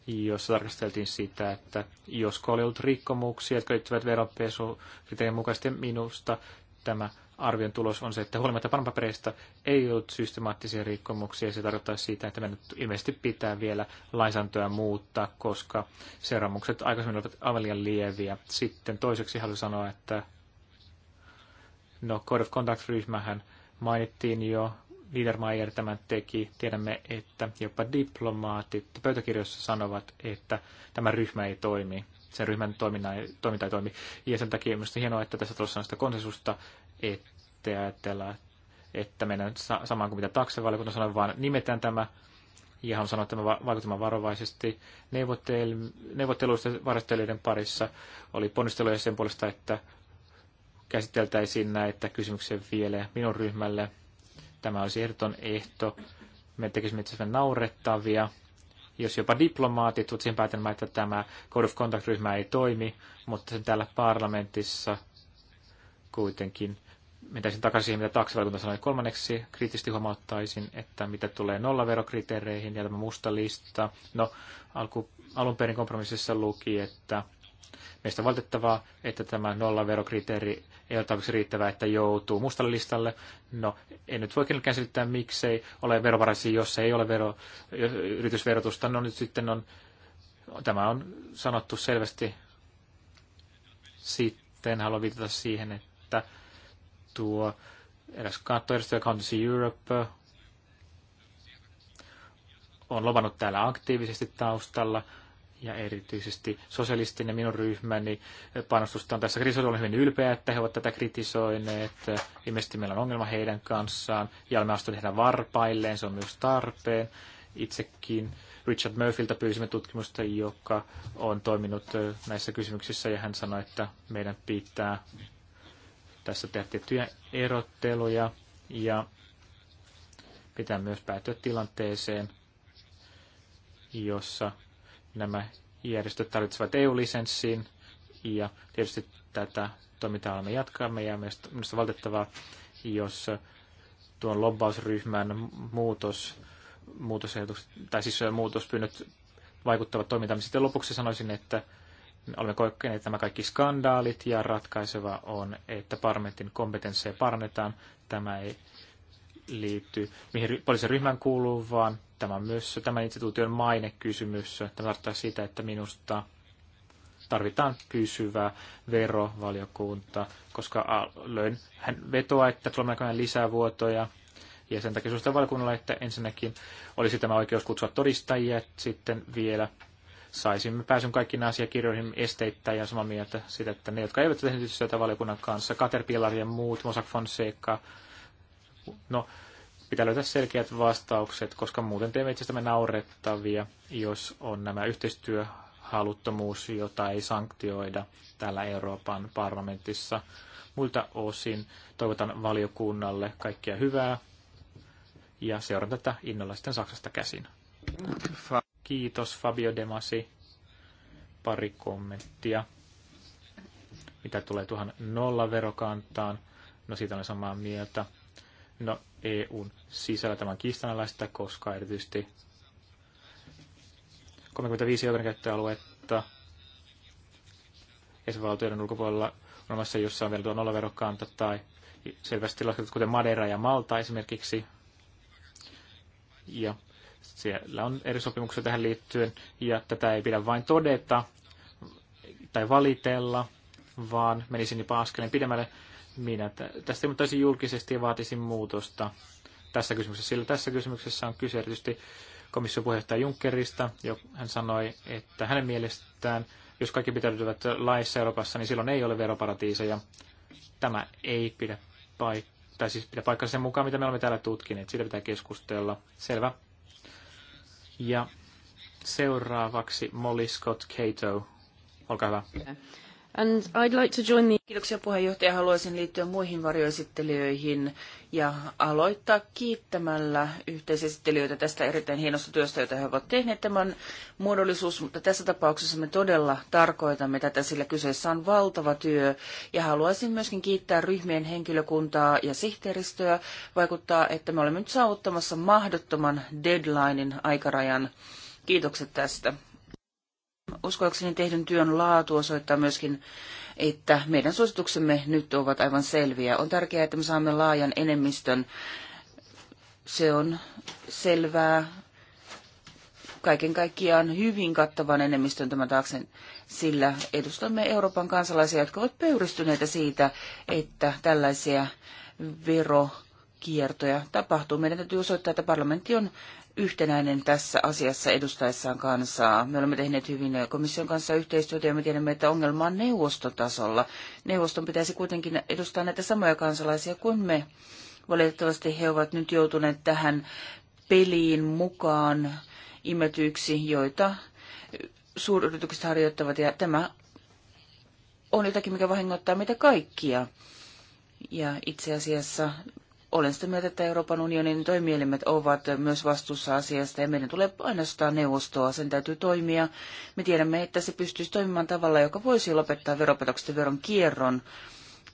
jossa tarkasteltiin sitä, että josko oli ollut rikkomuksia, jotka liittyvät veronpesukriteerien mukaisesti minusta tämä arvion tulos on se, että huolimatta panapapereista ei ollut systemaattisia rikkomuksia. Se tarkoittaa siitä, että me nyt ilmeisesti pitää vielä lainsäädäntöä muuttaa, koska seuraamukset aikaisemmin olivat aivan liian lieviä. Sitten toiseksi haluan sanoa, että no, Code of Conduct-ryhmähän mainittiin jo, Niedermayer tämän teki. Tiedämme, että jopa diplomaatit pöytäkirjoissa sanovat, että tämä ryhmä ei toimi. Sen ryhmän toiminta ei, toiminta ei toimi. Ja sen takia on hienoa, että tässä tuossa on sitä konsensusta että ajatella, että mennään samaan kuin mitä taksivaliokunta sanoi, vaan nimetään tämä ja hän sanoi, että vaikuttamaan varovaisesti neuvottel- neuvotteluista varastelijoiden parissa oli ponnisteluja sen puolesta, että käsiteltäisiin näitä kysymyksiä vielä minun ryhmälle. Tämä olisi ehdoton ehto. Me tekisimme itse naurettavia, jos jopa diplomaatit tuot siihen päätelmään, että tämä Code of Contact-ryhmä ei toimi, mutta sen täällä parlamentissa kuitenkin mentäisin takaisin siihen, mitä taksivaikunta sanoi. Kolmanneksi kriittisesti huomauttaisin, että mitä tulee nollaverokriteereihin ja tämä musta lista. No, alku, alun perin kompromississa luki, että meistä on valitettavaa, että tämä nollaverokriteeri ei ole tarpeeksi riittävää, että joutuu mustalle listalle. No, en nyt voi kenellekään selittää, miksei ole verovaraisia, jos ei ole vero, yritysverotusta. No nyt sitten on, tämä on sanottu selvästi. Sitten haluan viitata siihen, että tuo eräs kattojärjestö, Accountancy siis Europe, on lopannut täällä aktiivisesti taustalla ja erityisesti sosialistin ja minun ryhmäni panostusta on tässä kritisoitu. Olen hyvin ylpeä, että he ovat tätä kritisoineet. Ilmeisesti meillä on ongelma heidän kanssaan ja olemme astuneet heidän varpailleen. Se on myös tarpeen. Itsekin Richard Murphyltä pyysimme tutkimusta, joka on toiminut näissä kysymyksissä ja hän sanoi, että meidän pitää tässä tehdä tiettyjä erotteluja ja pitää myös päätyä tilanteeseen, jossa nämä järjestöt tarvitsevat EU-lisenssiin ja tietysti tätä toimintaa me jatkamme ja minusta valitettavaa, jos tuon lobbausryhmän muutos, muutos tai siis muutospyynnöt vaikuttavat toimintaan. Sitten lopuksi sanoisin, että Olemme kokeneet nämä kaikki skandaalit ja ratkaiseva on, että parlamentin kompetensseja parannetaan. Tämä ei liitty, mihin poliisin ryhmän kuuluu, vaan tämä on myös tämän instituution mainekysymys. Tämä tarkoittaa sitä, että minusta tarvitaan pysyvä verovaliokunta, koska löin hän vetoa, että tulemme näköjään lisää vuotoja. Ja sen takia suosittelen valiokunnalle, että ensinnäkin olisi tämä oikeus kutsua todistajia, sitten vielä saisimme pääsyn kaikkiin asiakirjoihin esteittäin ja samaa mieltä sitä, että ne, jotka eivät tehneet yhteistyötä valiokunnan kanssa, Caterpillar ja muut, Mossack Fonseca, no, pitää löytää selkeät vastaukset, koska muuten teemme itsestämme naurettavia, jos on nämä yhteistyöhaluttomuus, jota ei sanktioida täällä Euroopan parlamentissa. Muilta osin toivotan valiokunnalle kaikkea hyvää ja seuraan tätä innolla sitten Saksasta käsin. Kiitos Fabio Demasi. Pari kommenttia. Mitä tulee tuohon nollaverokantaan? No siitä olen samaa mieltä. No EUn sisällä tämän kiistanalaista, koska erityisesti 35 oikeudenkäyttöaluetta jäsenvaltioiden ulkopuolella on olemassa, jossa on vielä tuo nollaverokanta tai selvästi lasketut, kuten Madeira ja Malta esimerkiksi. Ja siellä on eri sopimuksia tähän liittyen, ja tätä ei pidä vain todeta tai valitella, vaan menisin jopa askeleen pidemmälle. Minä tästä ilmoittaisin julkisesti ja vaatisin muutosta tässä kysymyksessä, sillä tässä kysymyksessä on kyse erityisesti komission puheenjohtaja Junckerista, jo hän sanoi, että hänen mielestään, jos kaikki pitäytyvät laissa Euroopassa, niin silloin ei ole veroparatiiseja. Tämä ei pidä paikkaa tai siis pidä paikkaa sen mukaan, mitä me olemme täällä tutkineet. Siitä pitää keskustella. Selvä. Ja seuraavaksi Molly Scott Cato. Olkaa hyvä. Äh, And I'd like to join the... Kiitoksia puheenjohtaja. Haluaisin liittyä muihin varjoesittelijöihin ja aloittaa kiittämällä yhteisesittelijöitä tästä erittäin hienosta työstä, jota he ovat tehneet. Tämän muodollisuus, mutta tässä tapauksessa me todella tarkoitamme tätä, sillä kyseessä on valtava työ. Ja haluaisin myöskin kiittää ryhmien henkilökuntaa ja sihteeristöä. Vaikuttaa, että me olemme nyt saavuttamassa mahdottoman deadlinein aikarajan. Kiitokset tästä uskoakseni tehdyn työn laatu osoittaa myöskin, että meidän suosituksemme nyt ovat aivan selviä. On tärkeää, että me saamme laajan enemmistön. Se on selvää. Kaiken kaikkiaan hyvin kattavan enemmistön tämän taakse, sillä edustamme Euroopan kansalaisia, jotka ovat pöyristyneitä siitä, että tällaisia verokiertoja tapahtuu. Meidän täytyy osoittaa, että parlamentti on yhtenäinen tässä asiassa edustaessaan kansaa. Me olemme tehneet hyvin komission kanssa yhteistyötä ja me tiedämme, että ongelma on neuvostotasolla. Neuvoston pitäisi kuitenkin edustaa näitä samoja kansalaisia kuin me. Valitettavasti he ovat nyt joutuneet tähän peliin mukaan imetyiksi, joita suuryritykset harjoittavat ja tämä on jotakin, mikä vahingoittaa meitä kaikkia. Ja itse asiassa olen sitä mieltä, että Euroopan unionin toimielimet ovat myös vastuussa asiasta ja meidän tulee painostaa neuvostoa, sen täytyy toimia. Me tiedämme, että se pystyisi toimimaan tavalla, joka voisi lopettaa veropetokset ja veron kierron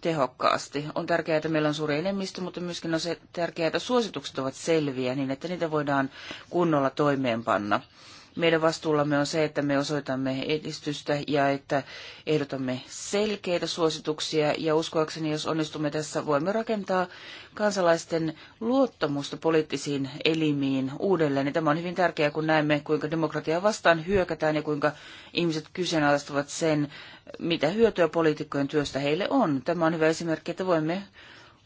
tehokkaasti. On tärkeää, että meillä on suuri enemmistö, mutta myöskin on se tärkeää, että suositukset ovat selviä niin, että niitä voidaan kunnolla toimeenpanna. Meidän vastuullamme on se, että me osoitamme edistystä ja että ehdotamme selkeitä suosituksia ja uskoakseni, jos onnistumme tässä, voimme rakentaa kansalaisten luottamusta poliittisiin elimiin uudelleen. Ja tämä on hyvin tärkeää, kun näemme, kuinka demokratiaa vastaan hyökätään ja kuinka ihmiset kyseenalaistavat sen, mitä hyötyä poliitikkojen työstä heille on. Tämä on hyvä esimerkki, että voimme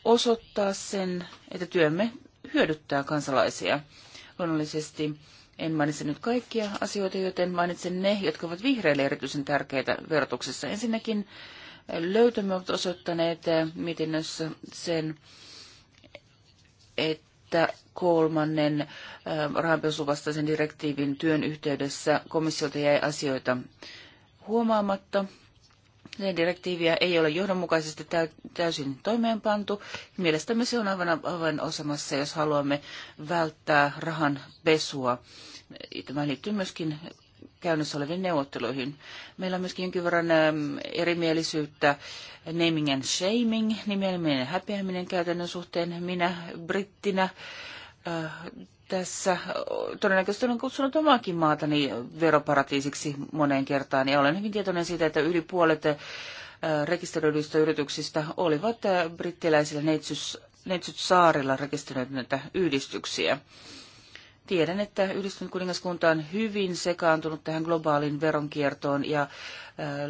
osoittaa sen, että työmme hyödyttää kansalaisia. Luonnollisesti en mainitse nyt kaikkia asioita, joten mainitsen ne, jotka ovat vihreille erityisen tärkeitä verotuksessa. Ensinnäkin löytämme ovat osoittaneet mietinnössä sen, että kolmannen rahanpesuvastaisen direktiivin työn yhteydessä komissiolta jäi asioita huomaamatta direktiiviä ei ole johdonmukaisesti täysin toimeenpantu. Mielestämme se on aivan avainosamassa, jos haluamme välttää rahan pesua. Tämä liittyy myöskin käynnissä oleviin neuvotteluihin. Meillä on myöskin jonkin verran ähm, erimielisyyttä naming and shaming, nimeäminen ja häpeäminen käytännön suhteen. Minä brittinä äh, tässä todennäköisesti olen kutsunut omaakin maatani veroparatiisiksi moneen kertaan ja olen hyvin tietoinen siitä, että yli puolet rekisteröidyistä yrityksistä olivat brittiläisillä neitsyt, saarilla rekisteröityneitä yhdistyksiä. Tiedän, että yhdistynyt kuningaskunta on hyvin sekaantunut tähän globaalin veronkiertoon ja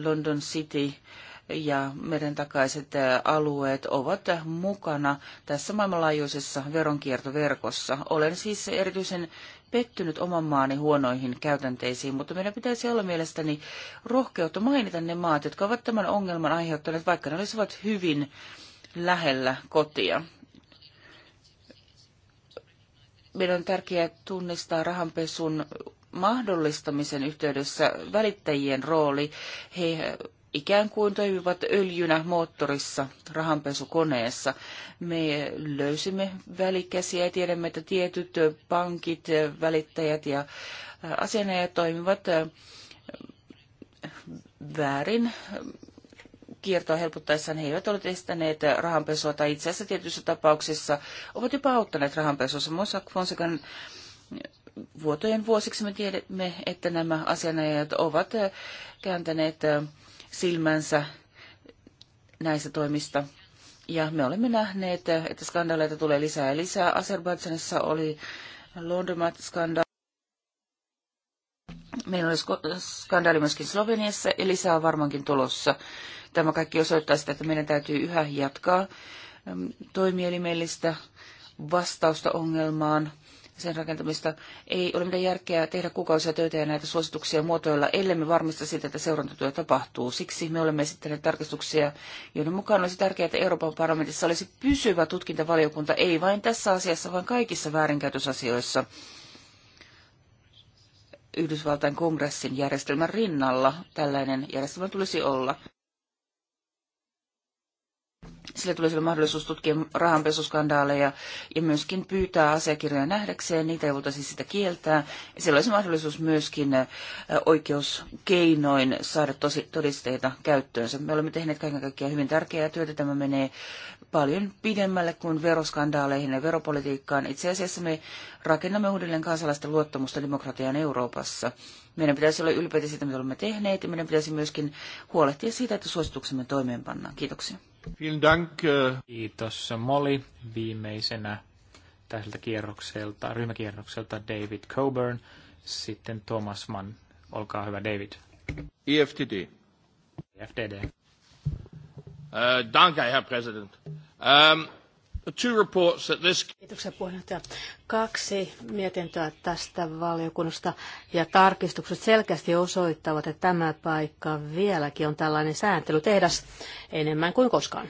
London City ja merentakaiset takaiset alueet ovat mukana tässä maailmanlaajuisessa veronkiertoverkossa. Olen siis erityisen pettynyt oman maani huonoihin käytänteisiin, mutta meidän pitäisi olla mielestäni rohkeutta mainita ne maat, jotka ovat tämän ongelman aiheuttaneet, vaikka ne olisivat hyvin lähellä kotia. Meidän on tärkeää tunnistaa rahanpesun mahdollistamisen yhteydessä välittäjien rooli. He ikään kuin toimivat öljynä moottorissa rahanpesukoneessa. Me löysimme välikäsiä ja tiedämme, että tietyt pankit, välittäjät ja asianajat toimivat äh, väärin kiertoa helpottaessaan he eivät ole estäneet rahanpesua tai itse asiassa tietyissä tapauksissa ovat jopa auttaneet rahanpesussa. Mossack Fonsecan vuotojen vuosiksi me tiedämme, että nämä asianajajat ovat kääntäneet äh, silmänsä näistä toimista. Ja me olemme nähneet, että skandaaleita tulee lisää ja lisää. Azerbaidsanissa oli Laundromat-skandaali. Meillä oli skandaali myöskin Sloveniassa ja lisää on varmaankin tulossa. Tämä kaikki osoittaa sitä, että meidän täytyy yhä jatkaa mm, toimielimellistä vastausta ongelmaan – sen rakentamista. Ei ole mitään järkeä tehdä kuukausia töitä ja näitä suosituksia muotoilla, ellei me varmista sitä, että seurantatyö tapahtuu. Siksi me olemme esittäneet tarkistuksia, joiden mukaan olisi tärkeää, että Euroopan parlamentissa olisi pysyvä tutkintavaliokunta, ei vain tässä asiassa, vaan kaikissa väärinkäytösasioissa. Yhdysvaltain kongressin järjestelmän rinnalla tällainen järjestelmä tulisi olla. Sille tulisi olla mahdollisuus tutkia rahanpesuskandaaleja ja myöskin pyytää asiakirjoja nähdäkseen, niitä ei voitaisi siis sitä kieltää. Ja sillä olisi mahdollisuus myöskin oikeuskeinoin saada tosi, todisteita käyttöönsä. Me olemme tehneet kaiken kaikkiaan hyvin tärkeää työtä. Tämä menee paljon pidemmälle kuin veroskandaaleihin ja veropolitiikkaan. Itse asiassa me rakennamme uudelleen kansalaisten luottamusta demokratiaan Euroopassa. Meidän pitäisi olla ylpeitä siitä, mitä olemme tehneet, ja meidän pitäisi myöskin huolehtia siitä, että suosituksemme toimeenpannaan. Kiitoksia. Vielen dank. Äh, Kiitos Molly. Viimeisenä tältä kierrokselta, ryhmäkierrokselta David Coburn, sitten Thomas Mann. Olkaa hyvä David. EFTD. EFTD. Uh, äh, danke, Herr President. Um, ähm, Kiitoksia puheenjohtaja. Kaksi mietintöä tästä valiokunnasta ja tarkistukset selkeästi osoittavat, että tämä paikka vieläkin on tällainen sääntelytehdas enemmän kuin koskaan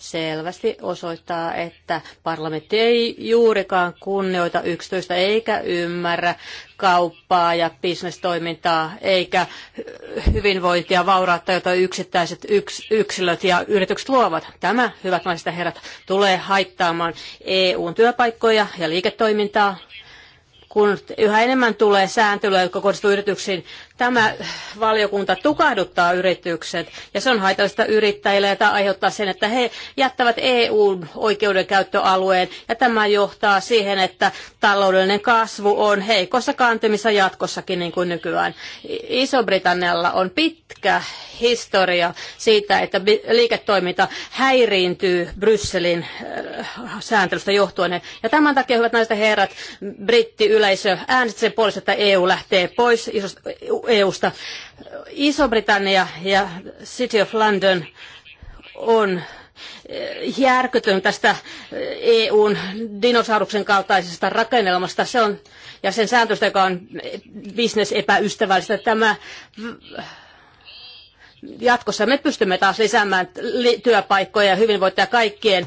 selvästi osoittaa, että parlamentti ei juurikaan kunnioita yksityistä eikä ymmärrä kauppaa ja bisnestoimintaa eikä hyvinvointia, vaurautta, jota yksittäiset yks, yksilöt ja yritykset luovat. Tämä, hyvät naiset ja herrat, tulee haittaamaan EUn työpaikkoja ja liiketoimintaa kun yhä enemmän tulee sääntelyä, joka kohdistuu yrityksiin, Tämä valiokunta tukahduttaa yritykset ja se on haitallista yrittäjille ja tämä aiheuttaa sen, että he jättävät EU-oikeudenkäyttöalueen ja tämä johtaa siihen, että taloudellinen kasvu on heikossa kantimissa jatkossakin niin kuin nykyään. Iso-Britannialla on pitkä historia siitä, että liiketoiminta häiriintyy Brysselin äh, sääntelystä johtuen. Ja tämän takia, hyvät naiset ja herrat, brittiyleisö äänesti sen puolesta, että EU lähtee pois EUsta. Iso-Britannia ja City of London on eh, järkytön tästä EUn eh, e dinosauruksen kaltaisesta rakennelmasta. Se on, ja sen sääntöstä, joka on eh, bisnesepäystävällistä. Tämä jatkossa me pystymme taas lisäämään työpaikkoja ja hyvinvointia kaikkien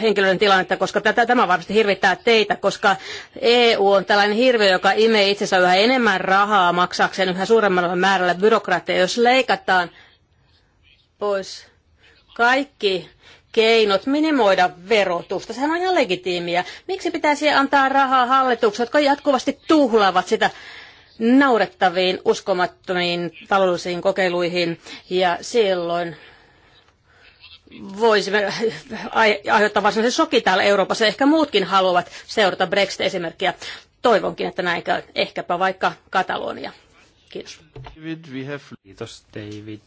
henkilöiden tilannetta, koska tämä varmasti hirvittää teitä, koska EU on tällainen hirviö, joka imee itsensä yhä enemmän rahaa maksakseen yhä suuremmalla määrällä byrokratiaa. Jos leikataan pois kaikki keinot minimoida verotusta. Sehän on ihan legitiimiä. Miksi pitäisi antaa rahaa hallituksille, jotka jatkuvasti tuhlaavat sitä naurettaviin, uskomattomiin taloudellisiin kokeiluihin ja silloin voisi aiheuttaa varsinaisen shoki täällä Euroopassa. Ehkä muutkin haluavat seurata Brexit-esimerkkiä. Toivonkin, että näin käy. Ehkäpä vaikka Katalonia. Kiitos. David, we have... Kiitos David.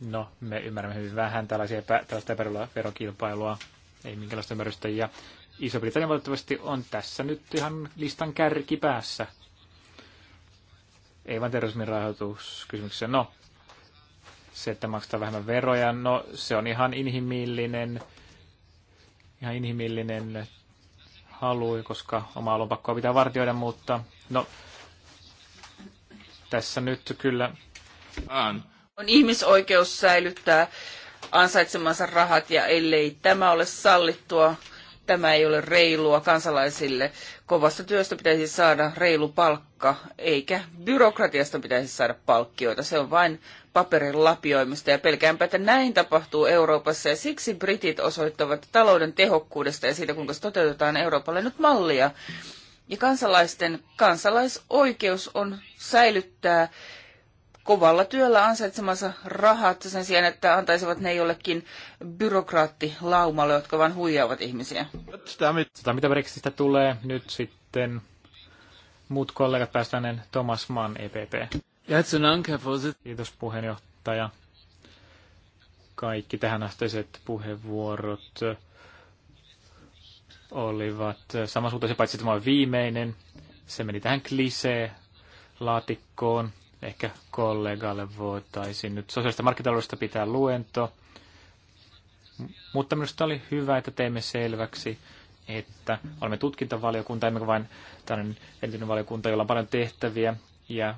No, me ymmärrämme hyvin vähän tällaisia epä, tällaista epäreilua verokilpailua. Ei minkälaista ymmärrystä. Ja Iso-Britannia valitettavasti on tässä nyt ihan listan kärki päässä ei vain terrorismin rahoituskysymyksessä. No, se, että maksetaan vähemmän veroja, no se on ihan inhimillinen, ihan inhimillinen halu, koska omaa lompakkoa pitää vartioida, mutta no, tässä nyt kyllä... On ihmisoikeus säilyttää ansaitsemansa rahat ja ellei tämä ole sallittua, Tämä ei ole reilua kansalaisille. Kovasta työstä pitäisi saada reilu palkka, eikä byrokratiasta pitäisi saada palkkioita. Se on vain paperin lapioimista ja pelkäänpä, että näin tapahtuu Euroopassa ja siksi britit osoittavat talouden tehokkuudesta ja siitä, kuinka se toteutetaan Euroopalle nyt mallia. Ja kansalaisten kansalaisoikeus on säilyttää kovalla työllä ansaitsemansa rahat sen sijaan, että antaisivat ne jollekin byrokraattilaumalle, jotka vain huijaavat ihmisiä. Sitä mitä Brexitistä tulee nyt sitten muut kollegat päästäneen Thomas Mann, EPP. Kiitos puheenjohtaja. Kaikki tähän asteiset puheenvuorot olivat samansuuntaisia, paitsi tämä viimeinen. Se meni tähän klisee laatikkoon Ehkä kollegalle voitaisiin nyt sosiaalista markkinataloudesta pitää luento. Mutta minusta oli hyvä, että teimme selväksi, että olemme tutkintavaliokunta, emmekä vain tällainen erityinen valiokunta, jolla on paljon tehtäviä. Ja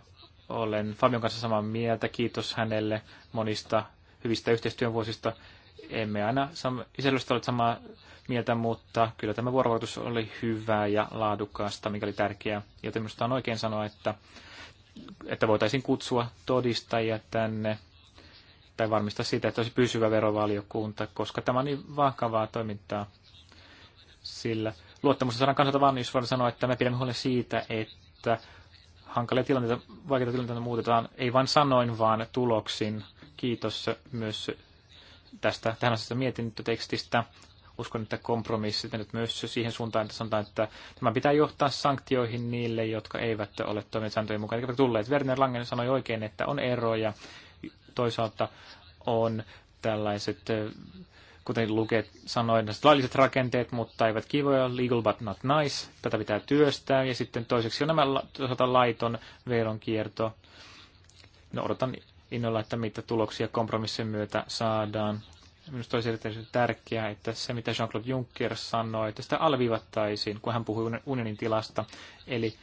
olen Fabion kanssa samaa mieltä. Kiitos hänelle monista hyvistä yhteistyön vuosista. Emme aina sam- sisällöstä ole samaa mieltä, mutta kyllä tämä vuorovaikutus oli hyvää ja laadukasta, mikä oli tärkeää. Joten minusta on oikein sanoa, että että voitaisiin kutsua todistajia tänne tai varmistaa siitä, että olisi pysyvä verovaliokunta, koska tämä on niin vakavaa toimintaa. Sillä luottamusta saadaan kansalta vaan, jos voidaan sanoa, että me pidämme huolen siitä, että hankalia tilanteita, vaikeita tilanteita muutetaan, ei vain sanoin, vaan tuloksin. Kiitos myös tästä tähän asiasta mietintötekstistä. Uskon, että kompromissit nyt myös siihen suuntaan, että sanotaan, että tämä pitää johtaa sanktioihin niille, jotka eivät ole toimineet sääntöjen mukaan, Eli tulleet. Werner Langen sanoi oikein, että on eroja. Toisaalta on tällaiset eh, kuten lukee sanoi, lailliset rakenteet, mutta eivät kivoja, legal but not nice, tätä pitää työstää. Ja sitten toiseksi on nämä toisaalta laiton veronkierto. No odotan innolla, että mitä tuloksia kompromissin myötä saadaan minusta olisi erityisen tärkeää, että se mitä Jean-Claude Juncker sanoi, että sitä alviivattaisiin, kun hän puhui unionin tilasta. Eli,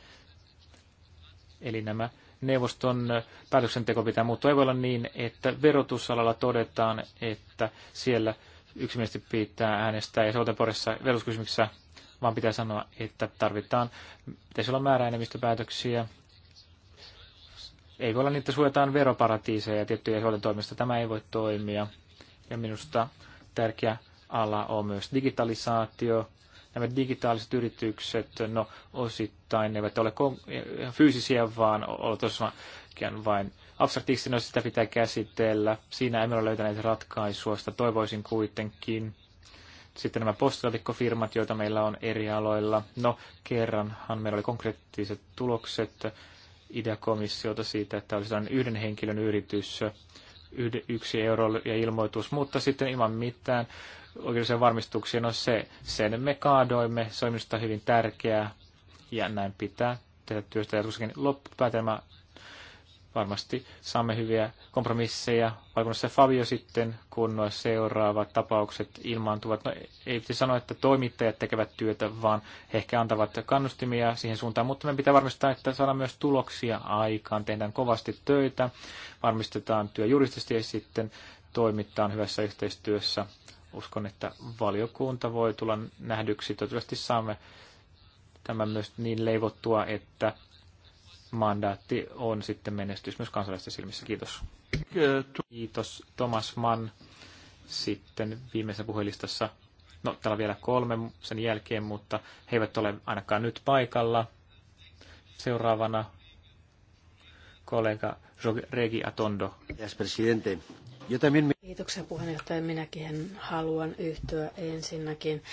eli nämä neuvoston päätöksenteko pitää muuttua. Ei voi olla niin, että verotusalalla todetaan, että siellä yksimielisesti pitää äänestää ja Soteporissa verotuskysymyksessä vaan pitää sanoa, että tarvitaan, pitäisi olla määräenemmistöpäätöksiä. Ei voi olla niin, että suojataan veroparatiiseja tiettyjä toimista. Tämä ei voi toimia. Ja minusta tärkeä ala on myös digitalisaatio. Nämä digitaaliset yritykset, no osittain ne eivät ole fyysisiä, vaan tosiaan vain abstraktiksi, no sitä pitää käsitellä. Siinä emme ole löytäneet ratkaisua, sitä toivoisin kuitenkin. Sitten nämä postilatikkofirmat, joita meillä on eri aloilla. No, kerranhan meillä oli konkreettiset tulokset ideakomissiota siitä, että olisi yhden henkilön yritys, yksi euro ja ilmoitus, mutta sitten ilman mitään oikeudellisen varmistuksia, on no se, sen me kaadoimme, se on minusta hyvin tärkeää ja näin pitää tehdä työstä jatkossakin. Loppupäätelmä varmasti saamme hyviä kompromisseja. Valkunnassa Fabio sitten, kun nuo seuraavat tapaukset ilmaantuvat. No, ei pitäisi sanoa, että toimittajat tekevät työtä, vaan he ehkä antavat kannustimia siihen suuntaan, mutta me pitää varmistaa, että saadaan myös tuloksia aikaan. Tehdään kovasti töitä, varmistetaan työ juristisesti ja sitten toimitaan hyvässä yhteistyössä. Uskon, että valiokunta voi tulla nähdyksi. Toivottavasti saamme tämän myös niin leivottua, että mandaatti on sitten menestys myös kansalaisten silmissä. Kiitos. Kiitos Thomas Mann. Sitten viimeisessä puhelistassa, no täällä on vielä kolme sen jälkeen, mutta he eivät ole ainakaan nyt paikalla. Seuraavana kollega Regi Atondo. Kiitoksia puheenjohtaja. Minäkin haluan yhtyä ensinnäkin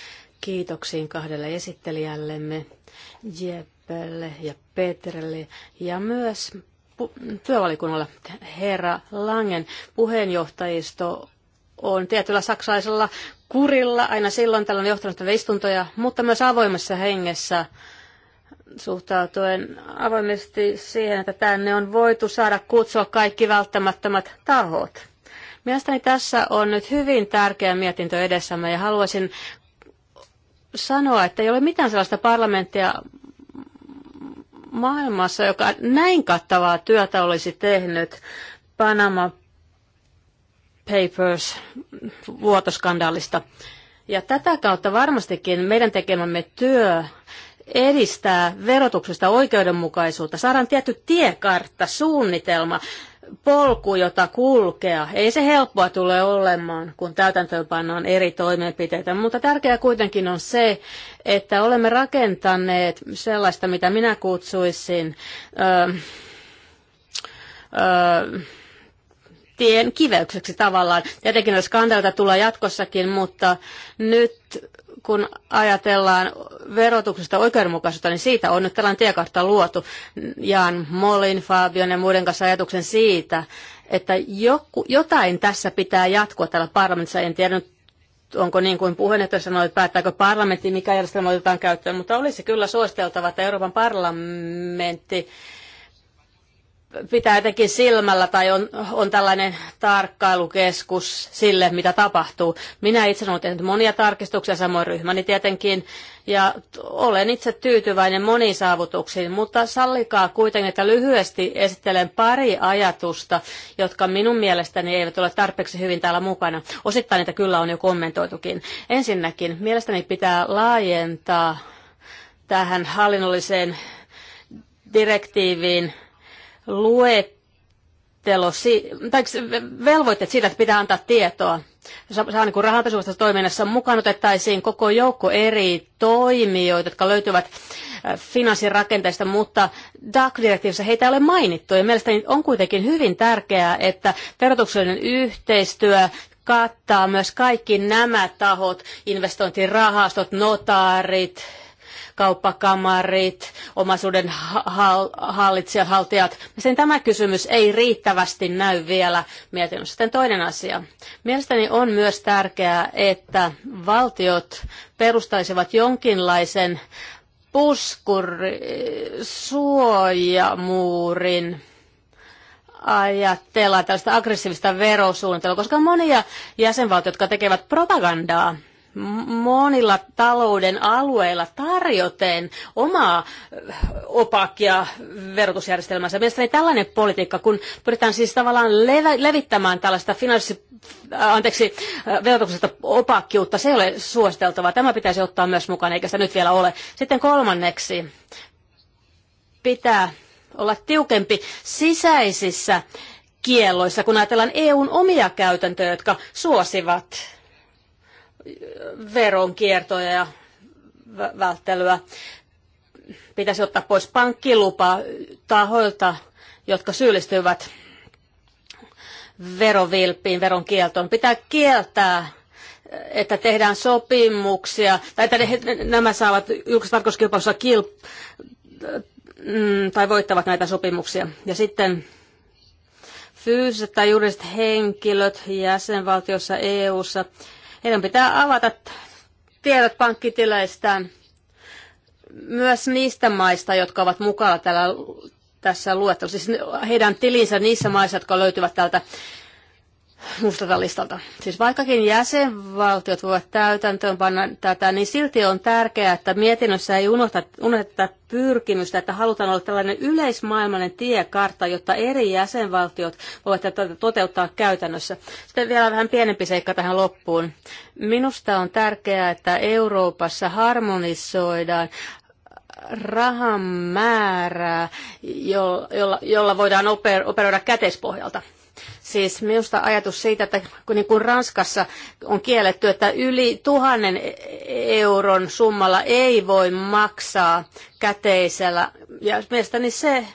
kiitoksiin kahdelle esittelijällemme, Jeppelle ja Petrelle ja myös työvalikunnalle herra Langen puheenjohtajisto on tietyllä saksalaisella kurilla aina silloin tällöin johtanut istuntoja, mutta myös avoimessa hengessä suhtautuen avoimesti siihen, että tänne on voitu saada kutsua kaikki välttämättömät tahot. Mielestäni tässä on nyt hyvin tärkeä mietintö edessämme ja haluaisin sanoa, että ei ole mitään sellaista parlamenttia maailmassa, joka näin kattavaa työtä olisi tehnyt Panama Papers vuotoskandaalista. Ja tätä kautta varmastikin meidän tekemämme työ edistää verotuksesta oikeudenmukaisuutta. Saadaan tietty tiekartta, suunnitelma, polku, jota kulkea. Ei se helppoa tule olemaan, kun täytäntöönpannaan eri toimenpiteitä, mutta tärkeää kuitenkin on se, että olemme rakentaneet sellaista, mitä minä kutsuisin Öö, öö, tien kiveykseksi tavallaan. Tietenkin on skandaaleita tulee jatkossakin, mutta nyt kun ajatellaan verotuksesta oikeudenmukaisuutta, niin siitä on nyt tällainen tiekartta luotu. Jaan Molin, Fabion ja muiden kanssa ajatuksen siitä, että joku, jotain tässä pitää jatkua täällä parlamentissa. En tiedä nyt onko niin kuin puheenjohtaja sanoi, että päättääkö parlamentti, mikä järjestelmä otetaan käyttöön, mutta olisi kyllä suositeltava, että Euroopan parlamentti pitää jotenkin silmällä tai on, on tällainen tarkkailukeskus sille, mitä tapahtuu. Minä itse olen tehnyt monia tarkistuksia, samoin ryhmäni tietenkin, ja olen itse tyytyväinen moniin saavutuksiin, mutta sallikaa kuitenkin, että lyhyesti esittelen pari ajatusta, jotka minun mielestäni eivät ole tarpeeksi hyvin täällä mukana. Osittain niitä kyllä on jo kommentoitukin. Ensinnäkin, mielestäni pitää laajentaa tähän hallinnolliseen direktiiviin luettelo, tai velvoitteet siitä, että pitää antaa tietoa. Saa niin rahanpesuvastaisessa toiminnassa mukaan otettaisiin koko joukko eri toimijoita, jotka löytyvät äh, finanssirakenteista, mutta DAC-direktiivissä heitä ei ole mainittu. Ja mielestäni on kuitenkin hyvin tärkeää, että verotuksellinen yhteistyö kattaa myös kaikki nämä tahot, investointirahastot, notaarit, kauppakamarit, omaisuuden hallitsijat, haltijat. Sen tämä kysymys ei riittävästi näy vielä mietinnössä. Sitten toinen asia. Mielestäni on myös tärkeää, että valtiot perustaisivat jonkinlaisen puskurisuojamuurin suojamuurin tällaista aggressiivista verosuunnittelua, koska monia jäsenvaltioita, jotka tekevät propagandaa monilla talouden alueilla tarjoten omaa opakia verotusjärjestelmänsä. Mielestäni tällainen politiikka, kun pyritään siis tavallaan levittämään tällaista finanssi, äh, anteeksi, verotuksesta opakkiutta, se ei ole suositeltavaa. Tämä pitäisi ottaa myös mukaan, eikä sitä nyt vielä ole. Sitten kolmanneksi pitää olla tiukempi sisäisissä kielloissa, kun ajatellaan EUn omia käytäntöjä, jotka suosivat veronkiertoja ja välttelyä. Pitäisi ottaa pois pankkilupa tahoilta, jotka syyllistyvät verovilppiin, veronkieltoon. Pitää kieltää että tehdään sopimuksia, tai että ne, nämä saavat julkisessa tarkoituskilpailussa kilp mm, tai voittavat näitä sopimuksia. Ja sitten fyysiset tai juridiset henkilöt jäsenvaltiossa EU-ssa heidän pitää avata tiedot pankkitileistään myös niistä maista, jotka ovat mukana tällä, tässä luettelossa, siis heidän tilinsä niissä maissa, jotka löytyvät täältä mustalta listalta. Siis vaikkakin jäsenvaltiot voivat täytäntöön panna tätä, niin silti on tärkeää, että mietinnössä ei unohdeta, unohdeta pyrkimystä, että halutaan olla tällainen yleismaailmallinen tiekartta, jotta eri jäsenvaltiot voivat tätä toteuttaa käytännössä. Sitten vielä vähän pienempi seikka tähän loppuun. Minusta on tärkeää, että Euroopassa harmonisoidaan rahan määrää, jolla, jolla voidaan operoida käteispohjalta Siis minusta ajatus siitä, että kun niin kuin Ranskassa on kielletty, että yli tuhannen euron summalla ei voi maksaa käteisellä. Ja mielestäni se,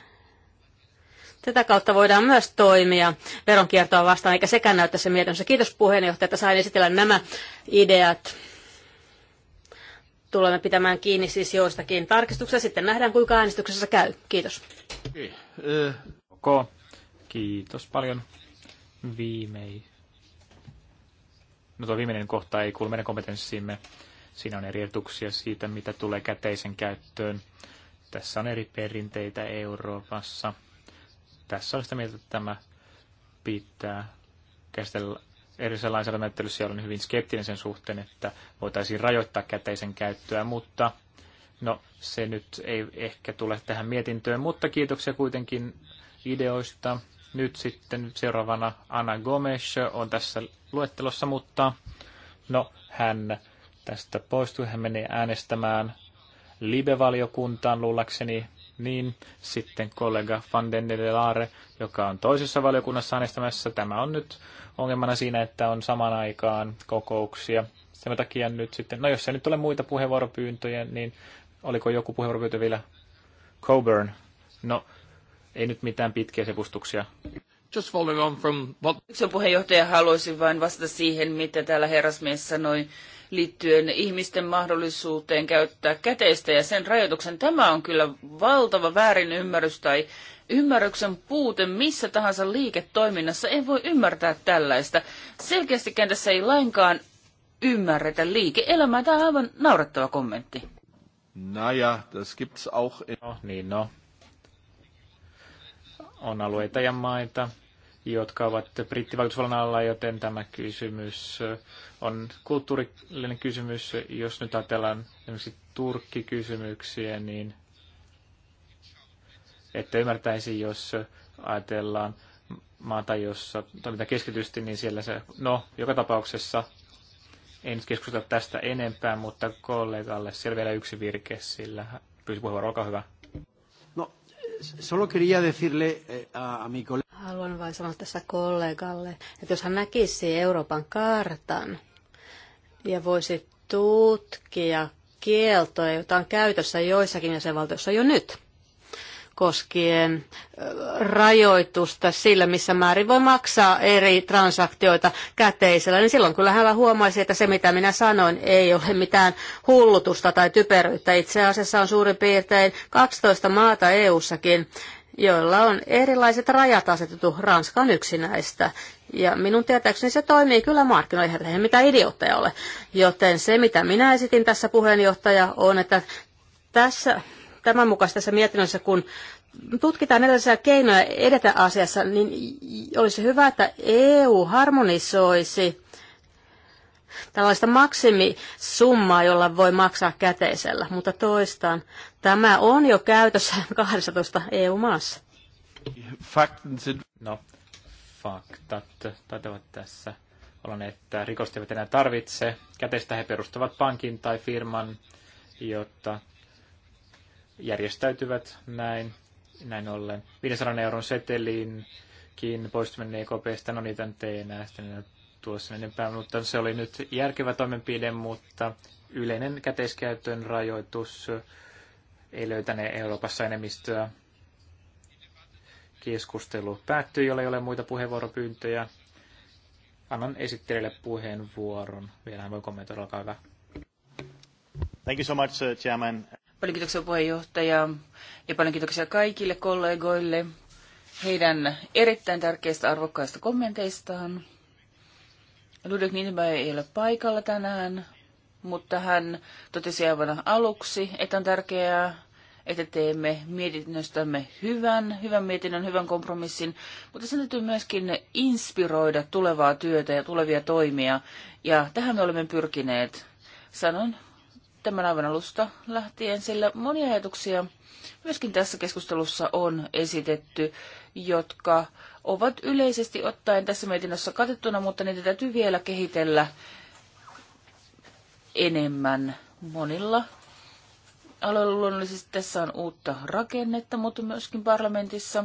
tätä kautta voidaan myös toimia veronkiertoa vastaan, eikä sekään näy tässä mietinnössä. Kiitos puheenjohtaja, että sain esitellä nämä ideat. Tulemme pitämään kiinni siis joistakin tarkistuksia. Sitten nähdään, kuinka äänestyksessä käy. Kiitos. Okay. Kiitos paljon viimei. No tuo viimeinen kohta ei kuulu meidän kompetenssiimme. Siinä on eri etuksia siitä, mitä tulee käteisen käyttöön. Tässä on eri perinteitä Euroopassa. Tässä on sitä mieltä, että tämä pitää käsitellä erillisessä lainsäädäntömenettelyssä, olen hyvin skeptinen sen suhteen, että voitaisiin rajoittaa käteisen käyttöä, mutta no, se nyt ei ehkä tule tähän mietintöön, mutta kiitoksia kuitenkin ideoista nyt sitten seuraavana Anna Gomes on tässä luettelossa, mutta no hän tästä poistui, hän meni äänestämään Libevaliokuntaan luullakseni, niin sitten kollega Van den Delare, joka on toisessa valiokunnassa äänestämässä, tämä on nyt ongelmana siinä, että on saman aikaan kokouksia. Sen takia nyt sitten, no jos ei nyt ole muita puheenvuoropyyntöjä, niin oliko joku puheenvuoropyyntö vielä? Coburn. No, ei nyt mitään pitkiä sepustuksia. Just following on from what... Yksin puheenjohtaja haluaisi vain vastata siihen, mitä täällä herrasmies sanoi liittyen ihmisten mahdollisuuteen käyttää käteistä ja sen rajoituksen. Tämä on kyllä valtava väärin ymmärrys tai ymmärryksen puute missä tahansa liiketoiminnassa. En voi ymmärtää tällaista. Selkeästikään tässä ei lainkaan ymmärretä liike-elämää. Tämä on aivan naurettava kommentti. Naja, das gibt's auch... In... No, niin no, on alueita ja maita, jotka ovat brittivaikutusvallan alla, joten tämä kysymys on kulttuurillinen kysymys. Jos nyt ajatellaan esimerkiksi turkkikysymyksiä, niin että ymmärtäisi, jos ajatellaan maata, jossa toiminta keskitysti, niin siellä se, no, joka tapauksessa en nyt keskustella tästä enempää, mutta kollegalle siellä vielä yksi virke, sillä pyysi puheenvuoro, olkaa hyvä solo quería decirle eh, a, a mi colega... Haluan vain sanoa tässä kollegalle, että jos hän näkisi Euroopan kartan ja voisi tutkia kieltoja, joita on käytössä joissakin jäsenvaltioissa jo nyt – koskien rajoitusta sillä, missä määrin voi maksaa eri transaktioita käteisellä, niin silloin kyllä hän huomaisi, että se mitä minä sanoin ei ole mitään hullutusta tai typeryyttä. Itse asiassa on suurin piirtein 12 maata EU-sakin, joilla on erilaiset rajat asetettu. Ranska on yksi näistä. Ja minun tietääkseni se toimii kyllä markkinoilla, eihän mitään idiootteja ole. Joten se, mitä minä esitin tässä puheenjohtaja, on, että tässä tämän mukaista tässä mietinnössä, kun tutkitaan erilaisia keinoja edetä asiassa, niin olisi hyvä, että EU harmonisoisi tällaista maksimisummaa, jolla voi maksaa käteisellä, mutta toistaan, tämä on jo käytössä 12 EU-maassa. No, faktat taitavat tässä olla, että rikosta eivät enää tarvitse. Käteistä he perustavat pankin tai firman, jotta järjestäytyvät näin, näin ollen. 500 euron seteliinkin poistuminen EKPstä, no niitä nyt ei enää sitten tuossa enempää, mutta se oli nyt järkevä toimenpide, mutta yleinen käteiskäytön rajoitus ei löytäne Euroopassa enemmistöä. Keskustelu päättyy, jolle ei ole muita puheenvuoropyyntöjä. Annan esittelijälle puheenvuoron. Vielä hän voi kommentoida, olkaa hyvä. Thank you so much, uh, Chairman. Paljon kiitoksia puheenjohtaja ja paljon kiitoksia kaikille kollegoille heidän erittäin tärkeistä arvokkaista kommenteistaan. Ludwig Niederberg ei ole paikalla tänään, mutta hän totesi aivan aluksi, että on tärkeää, että teemme mietinnöstämme hyvän, hyvän mietinnön, hyvän kompromissin, mutta sen täytyy myöskin inspiroida tulevaa työtä ja tulevia toimia, ja tähän me olemme pyrkineet. Sanon tämän aivan alusta lähtien, sillä monia ajatuksia myöskin tässä keskustelussa on esitetty, jotka ovat yleisesti ottaen tässä mietinnössä katettuna, mutta niitä täytyy vielä kehitellä enemmän monilla aloilla. Luonnollisesti tässä on uutta rakennetta, mutta myöskin parlamentissa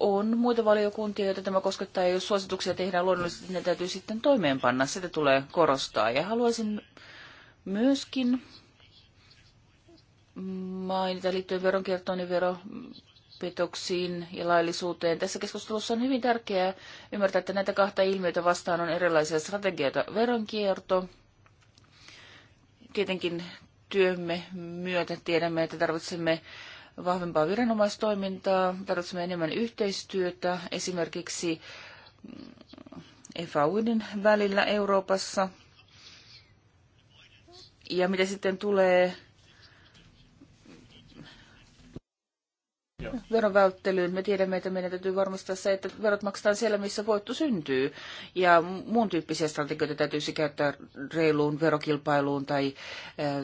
on muita valiokuntia, joita tämä koskettaa, ja jos suosituksia tehdään luonnollisesti, ne täytyy sitten toimeenpanna. Sitä tulee korostaa, ja haluaisin myöskin mainita liittyen veronkiertoon ja niin veropetoksiin ja laillisuuteen. Tässä keskustelussa on hyvin tärkeää ymmärtää, että näitä kahta ilmiötä vastaan on erilaisia strategioita. Veronkierto, tietenkin työmme myötä tiedämme, että tarvitsemme vahvempaa viranomaistoimintaa, tarvitsemme enemmän yhteistyötä esimerkiksi FAUin välillä Euroopassa, ja mitä sitten tulee verovälttelyyn. Me tiedämme, että meidän täytyy varmistaa se, että verot maksetaan siellä, missä voitto syntyy. Ja muun tyyppisiä strategioita täytyisi käyttää reiluun verokilpailuun tai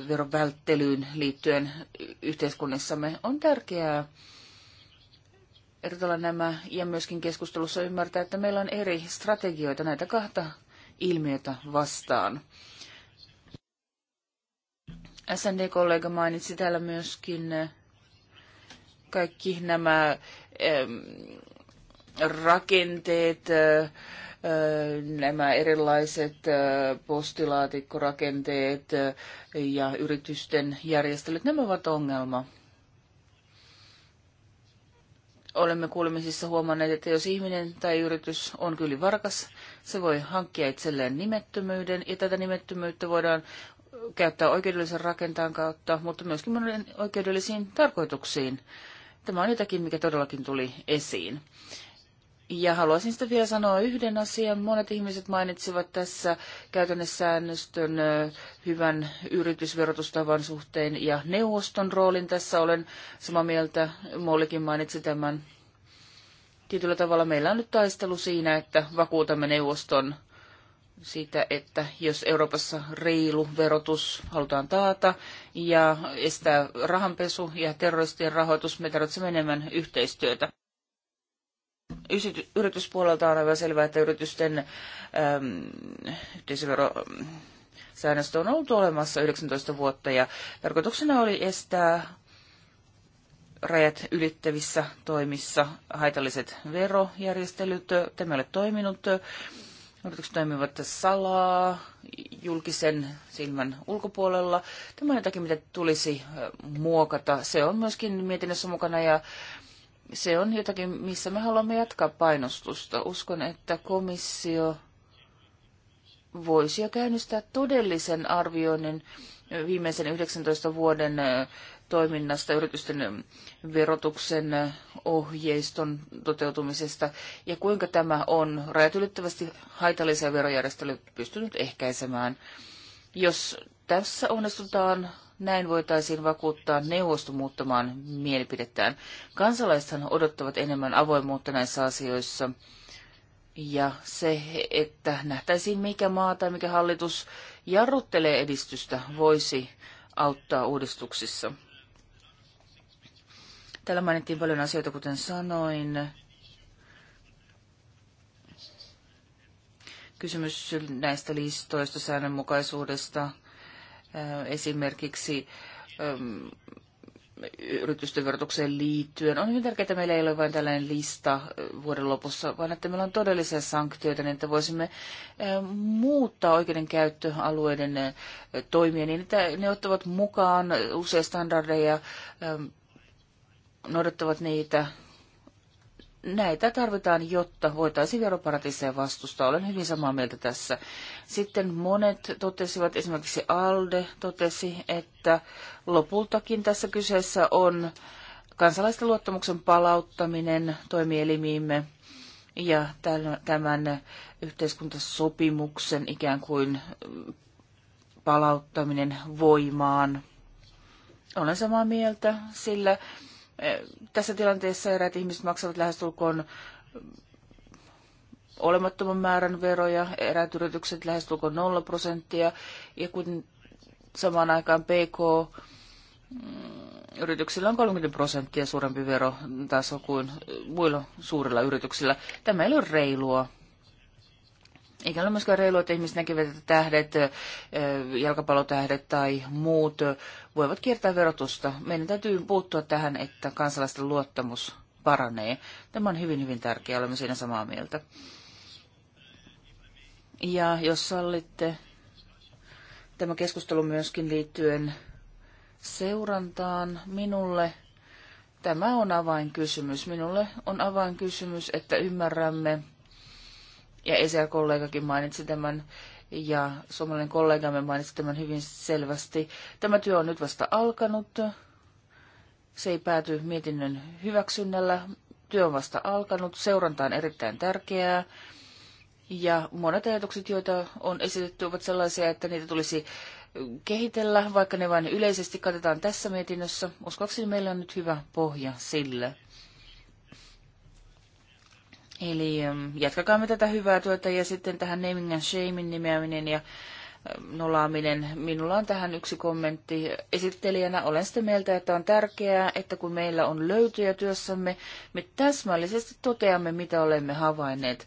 verovälttelyyn liittyen yhteiskunnassamme. On tärkeää erotella nämä ja myöskin keskustelussa ymmärtää, että meillä on eri strategioita näitä kahta ilmiötä vastaan. SND-kollega mainitsi täällä myöskin eh, kaikki nämä rakenteet, eh, eh, nämä erilaiset postilaatikkorakenteet ja yritysten järjestelyt, nämä ovat ongelma. Olemme kuulemisissa huomanneet, että jos ihminen tai yritys on kyllä varkas, se voi hankkia itselleen nimettömyyden ja tätä nimettömyyttä voidaan käyttää oikeudellisen rakentaan kautta, mutta myöskin monen oikeudellisiin tarkoituksiin. Tämä on jotakin, mikä todellakin tuli esiin. Ja haluaisin sitten vielä sanoa yhden asian. Monet ihmiset mainitsivat tässä käytännössäännöstön hyvän yritysverotustavan suhteen ja neuvoston roolin. Tässä olen samaa mieltä. Mollikin mainitsi tämän. Tietyllä tavalla meillä on nyt taistelu siinä, että vakuutamme neuvoston siitä, että jos Euroopassa reilu verotus halutaan taata ja estää rahanpesu ja terroristien rahoitus, me tarvitsemme enemmän yhteistyötä. Yrityspuolelta on aivan selvää, että yritysten äm, yhteisövero säännöstö on ollut olemassa 19 vuotta ja tarkoituksena oli estää rajat ylittävissä toimissa haitalliset verojärjestelyt. Tämä ei ole toiminut. Yritykset toimivat salaa julkisen silmän ulkopuolella. Tämä on jotakin, mitä tulisi muokata. Se on myöskin mietinnössä mukana ja se on jotakin, missä me haluamme jatkaa painostusta. Uskon, että komissio voisi jo käynnistää todellisen arvioinnin viimeisen 19 vuoden toiminnasta, yritysten verotuksen ohjeiston toteutumisesta ja kuinka tämä on rajat ylittävästi haitallisia verojärjestelyjä pystynyt ehkäisemään. Jos tässä onnistutaan, näin voitaisiin vakuuttaa neuvosto muuttamaan mielipidettään. Kansalaisethan odottavat enemmän avoimuutta näissä asioissa. Ja se, että nähtäisiin mikä maa tai mikä hallitus jarruttelee edistystä, voisi auttaa uudistuksissa. Täällä mainittiin paljon asioita, kuten sanoin. Kysymys näistä listoista, säännönmukaisuudesta, äh, esimerkiksi ähm, yritysten verotukseen liittyen. On hyvin tärkeää, että meillä ei ole vain tällainen lista äh, vuoden lopussa, vaan että meillä on todellisia sanktioita, niin että voisimme äh, muuttaa oikeudenkäyttöalueiden toimia niin, että ne ottavat mukaan usein standardeja ähm, noudattavat niitä. Näitä tarvitaan, jotta voitaisiin veroparatiiseja vastustaa. Olen hyvin samaa mieltä tässä. Sitten monet totesivat, esimerkiksi Alde totesi, että lopultakin tässä kyseessä on kansalaisten luottamuksen palauttaminen toimielimiimme ja tämän yhteiskuntasopimuksen ikään kuin palauttaminen voimaan. Olen samaa mieltä, sillä Eh, tässä tilanteessa eräät ihmiset maksavat lähestulkoon olemattoman määrän veroja, eräät yritykset lähestulkoon 0 prosenttia, ja kun samaan aikaan PK mm, yrityksillä on 30 prosenttia suurempi verotaso kuin muilla suurilla yrityksillä. Tämä ei ole reilua. Eikä ole myöskään reilua, että ihmiset näkevät, että tähdet, jalkapallotähdet tai muut voivat kiertää verotusta. Meidän täytyy puuttua tähän, että kansalaisten luottamus paranee. Tämä on hyvin, hyvin tärkeää, olemme siinä samaa mieltä. Ja jos sallitte, tämä keskustelu myöskin liittyen seurantaan minulle. Tämä on avainkysymys. Minulle on avainkysymys, että ymmärrämme, ja ESR-kollegakin mainitsi tämän, ja suomalainen kollegamme mainitsi tämän hyvin selvästi. Tämä työ on nyt vasta alkanut. Se ei pääty mietinnön hyväksynnällä. Työ on vasta alkanut. Seuranta on erittäin tärkeää. Ja monet ajatukset, joita on esitetty, ovat sellaisia, että niitä tulisi kehitellä, vaikka ne vain yleisesti katetaan tässä mietinnössä. Uskoakseni meillä on nyt hyvä pohja sille. Eli mm, jatkakaamme tätä hyvää työtä ja sitten tähän naming and shaming nimeäminen ja mm, nolaaminen. Minulla on tähän yksi kommentti. Esittelijänä olen sitä mieltä, että on tärkeää, että kun meillä on löytyjä työssämme, me täsmällisesti toteamme, mitä olemme havainneet.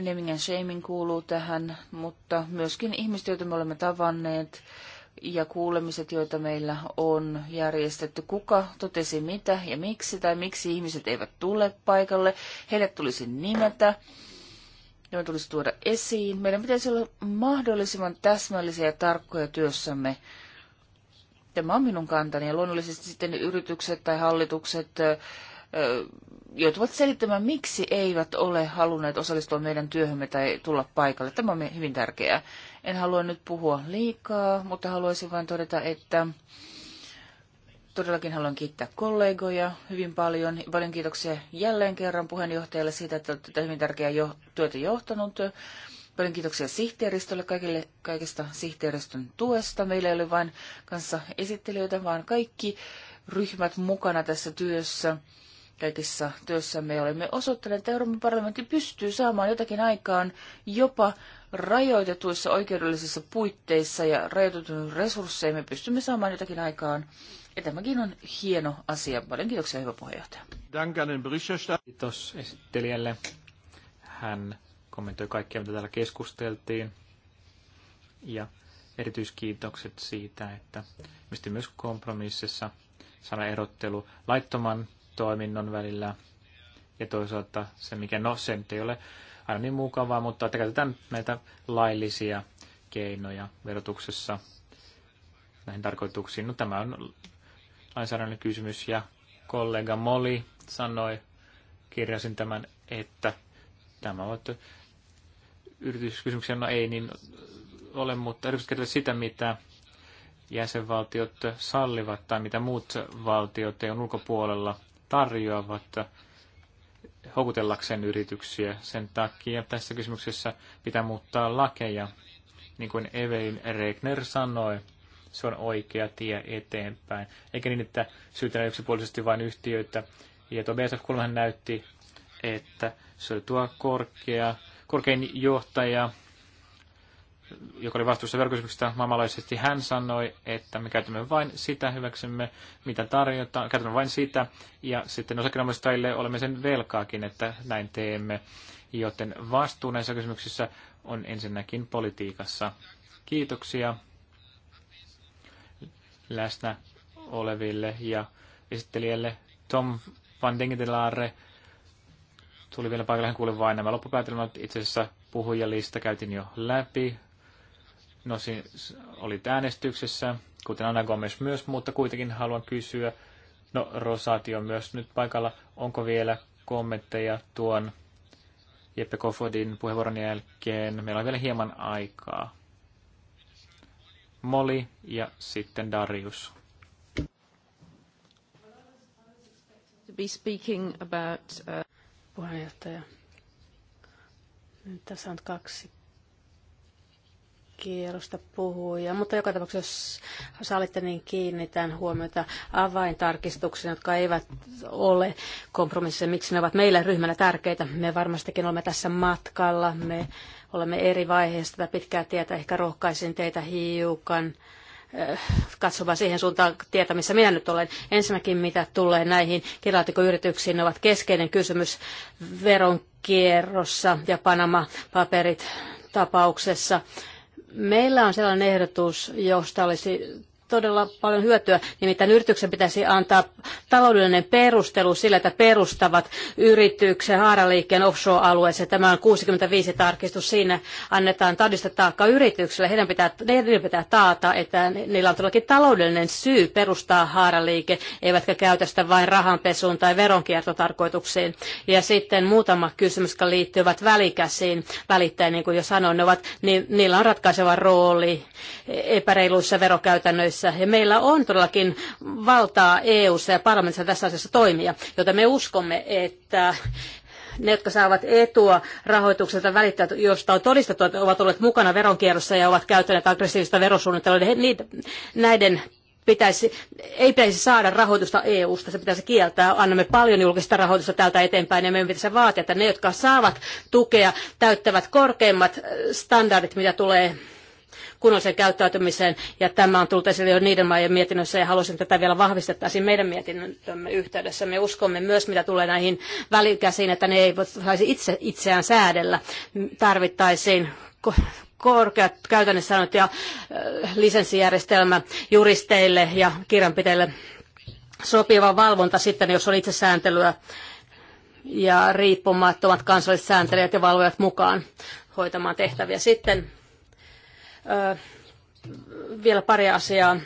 Naming and shaming kuuluu tähän, mutta myöskin ihmiset, joita me olemme tavanneet, ja kuulemiset, joita meillä on järjestetty, kuka totesi mitä ja miksi tai miksi ihmiset eivät tule paikalle. Heidät tulisi nimetä, ne tulisi tuoda esiin. Meidän pitäisi olla mahdollisimman täsmällisiä ja tarkkoja työssämme. Tämä on minun kantani ja luonnollisesti sitten yritykset tai hallitukset joutuvat selittämään, miksi eivät ole halunneet osallistua meidän työhömme tai tulla paikalle. Tämä on hyvin tärkeää. En halua nyt puhua liikaa, mutta haluaisin vain todeta, että todellakin haluan kiittää kollegoja hyvin paljon. Paljon kiitoksia jälleen kerran puheenjohtajalle siitä, että olette tätä hyvin tärkeää jo, työtä johtanut. Paljon kiitoksia sihteeristölle, kaikille, kaikesta sihteeristön tuesta. Meillä ei ole vain kanssa esittelijöitä, vaan kaikki ryhmät mukana tässä työssä kaikessa työssämme olemme osoittaneet, että Euroopan parlamentti pystyy saamaan jotakin aikaan jopa rajoitetuissa oikeudellisissa puitteissa ja rajoitetun resursseja me pystymme saamaan jotakin aikaan. Ja tämäkin on hieno asia. Paljon kiitoksia, hyvä puheenjohtaja. Kiitos esittelijälle. Hän kommentoi kaikkea, mitä täällä keskusteltiin. Ja erityiskiitokset siitä, että mistä myös kompromississa sana erottelu laittoman toiminnon välillä ja toisaalta se, mikä no, se nyt ei ole aina niin mukavaa, mutta että käytetään näitä laillisia keinoja verotuksessa näihin tarkoituksiin. No, tämä on lainsäädännön kysymys ja kollega Moli sanoi, kirjasin tämän, että tämä on yrityskysymyksiä, no ei niin ole, mutta yritykset sitä, mitä jäsenvaltiot sallivat tai mitä muut valtiot ei ole ulkopuolella mutta houkutellakseen yrityksiä. Sen takia tässä kysymyksessä pitää muuttaa lakeja. Niin kuin Evelyn Regner sanoi, se on oikea tie eteenpäin. Eikä niin, että syytellään yksipuolisesti vain yhtiöitä. Ja tuo BSF näytti, että se oli tuo korkea, korkein johtaja joka oli vastuussa verkkokysymyksestä maailmanlaajuisesti, hän sanoi, että me käytämme vain sitä, hyväksymme mitä tarjotaan, käytämme vain sitä, ja sitten osakkeenomistajille olemme sen velkaakin, että näin teemme. Joten vastuu näissä kysymyksissä on ensinnäkin politiikassa. Kiitoksia läsnä oleville ja esittelijälle Tom van Dengedelaare tuli vielä paikalle, hän kuuli vain nämä loppupäätelmät. Itse asiassa puhujalista käytiin jo läpi. No siis oli äänestyksessä, kuten Anna Gomes myös, mutta kuitenkin haluan kysyä, no Rosati on myös nyt paikalla, onko vielä kommentteja tuon Jeppe Kofodin puheenvuoron jälkeen? Meillä on vielä hieman aikaa. Moli ja sitten Darius. To be speaking about, uh... Puheenjohtaja. Nyt tässä on kaksi kierrosta puhuja, mutta joka tapauksessa, jos sallitte, niin kiinnitän huomiota avaintarkistuksiin, jotka eivät ole kompromisseja. Miksi ne ovat meille ryhmänä tärkeitä? Me varmastikin olemme tässä matkalla, me olemme eri vaiheessa tätä pitkää tietä. Ehkä rohkaisin teitä hiukan eh, katsomaan siihen suuntaan tietä, missä minä nyt olen. Ensinnäkin mitä tulee näihin kirjaatikoyrityksiin, ne ovat keskeinen kysymys veronkierrossa ja Panama-paperit tapauksessa. Meillä on sellainen ehdotus, josta olisi todella paljon hyötyä. Nimittäin yrityksen pitäisi antaa taloudellinen perustelu sillä, että perustavat yrityksen haaraliikkeen offshore-alueeseen. Tämä on 65 tarkistus. Siinä annetaan todista taakka yritykselle. Heidän pitää, heidän pitää taata, että niillä on todellakin taloudellinen syy perustaa haaraliike, eivätkä käytä sitä vain rahanpesuun tai veronkiertotarkoituksiin. Ja sitten muutama kysymys, jotka liittyvät välikäsiin. Välittäjä, niin kuin jo sanoin, ne ovat, niin niillä on ratkaiseva rooli epäreiluissa verokäytännöissä yhdessä. Ja meillä on todellakin valtaa EU-ssa ja parlamentissa tässä asiassa toimia, joten me uskomme, että ne, jotka saavat etua rahoitukselta välittää, josta on todistettu, että ovat olleet mukana veronkierrossa ja ovat käyttäneet aggressiivista verosuunnittelua, niin niitä, näiden pitäisi, ei pitäisi saada rahoitusta EU-sta, se pitäisi kieltää. Annamme paljon julkista rahoitusta täältä eteenpäin ja meidän pitäisi vaatia, että ne, jotka saavat tukea, täyttävät korkeimmat standardit, mitä tulee kunnolliseen käyttäytymiseen, ja tämä on tullut esille jo niiden maiden mietinnössä, ja halusin että tätä vielä vahvistettaisiin meidän mietinnömme yhteydessä. Me uskomme myös, mitä tulee näihin välikäsiin, että ne eivät saisi itse, itseään säädellä. Tarvittaisiin korkeat käytännössä sanot ja lisenssijärjestelmä juristeille ja kirjanpitäjille sopiva valvonta sitten, jos on itse sääntelyä ja riippumattomat kansalliset sääntelijät ja valvojat mukaan hoitamaan tehtäviä. Sitten vielä pari asiaa.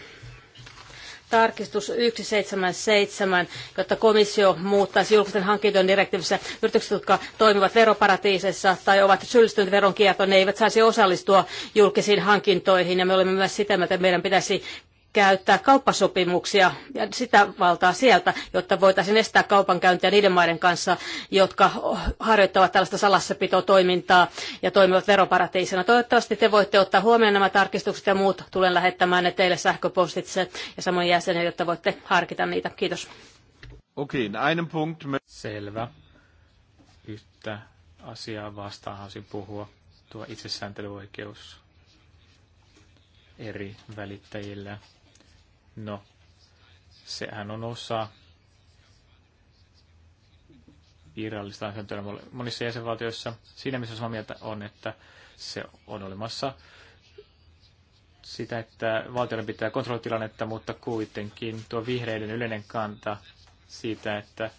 Tarkistus 177, jotta komissio muuttaisi julkisten hankintojen direktiivissä yritykset, jotka toimivat veroparatiisissa tai ovat syyllistyneet veronkiertoon, ne eivät saisi osallistua julkisiin hankintoihin. Ja me olemme myös sitä, että meidän pitäisi käyttää kauppasopimuksia ja sitä valtaa sieltä, jotta voitaisiin estää kaupankäyntiä niiden maiden kanssa, jotka harjoittavat tällaista salassapitotoimintaa ja toimivat veroparatiisina. Toivottavasti te voitte ottaa huomioon nämä tarkistukset ja muut. Tulen lähettämään ne teille sähköpostitse ja samoin jäsenille, jotta voitte harkita niitä. Kiitos. Okei, okay, no Punkt. Selvä. Yhtä asiaa vastaan haluaisin puhua. Tuo itsesääntelyoikeus eri välittäjillä No, sehän on osa virallista lainsäädäntöä monissa jäsenvaltioissa. Siinä missä samaa mieltä on, että se on olemassa sitä, että valtioiden pitää kontrolloida tilannetta, mutta kuitenkin tuo vihreiden yleinen kanta siitä, että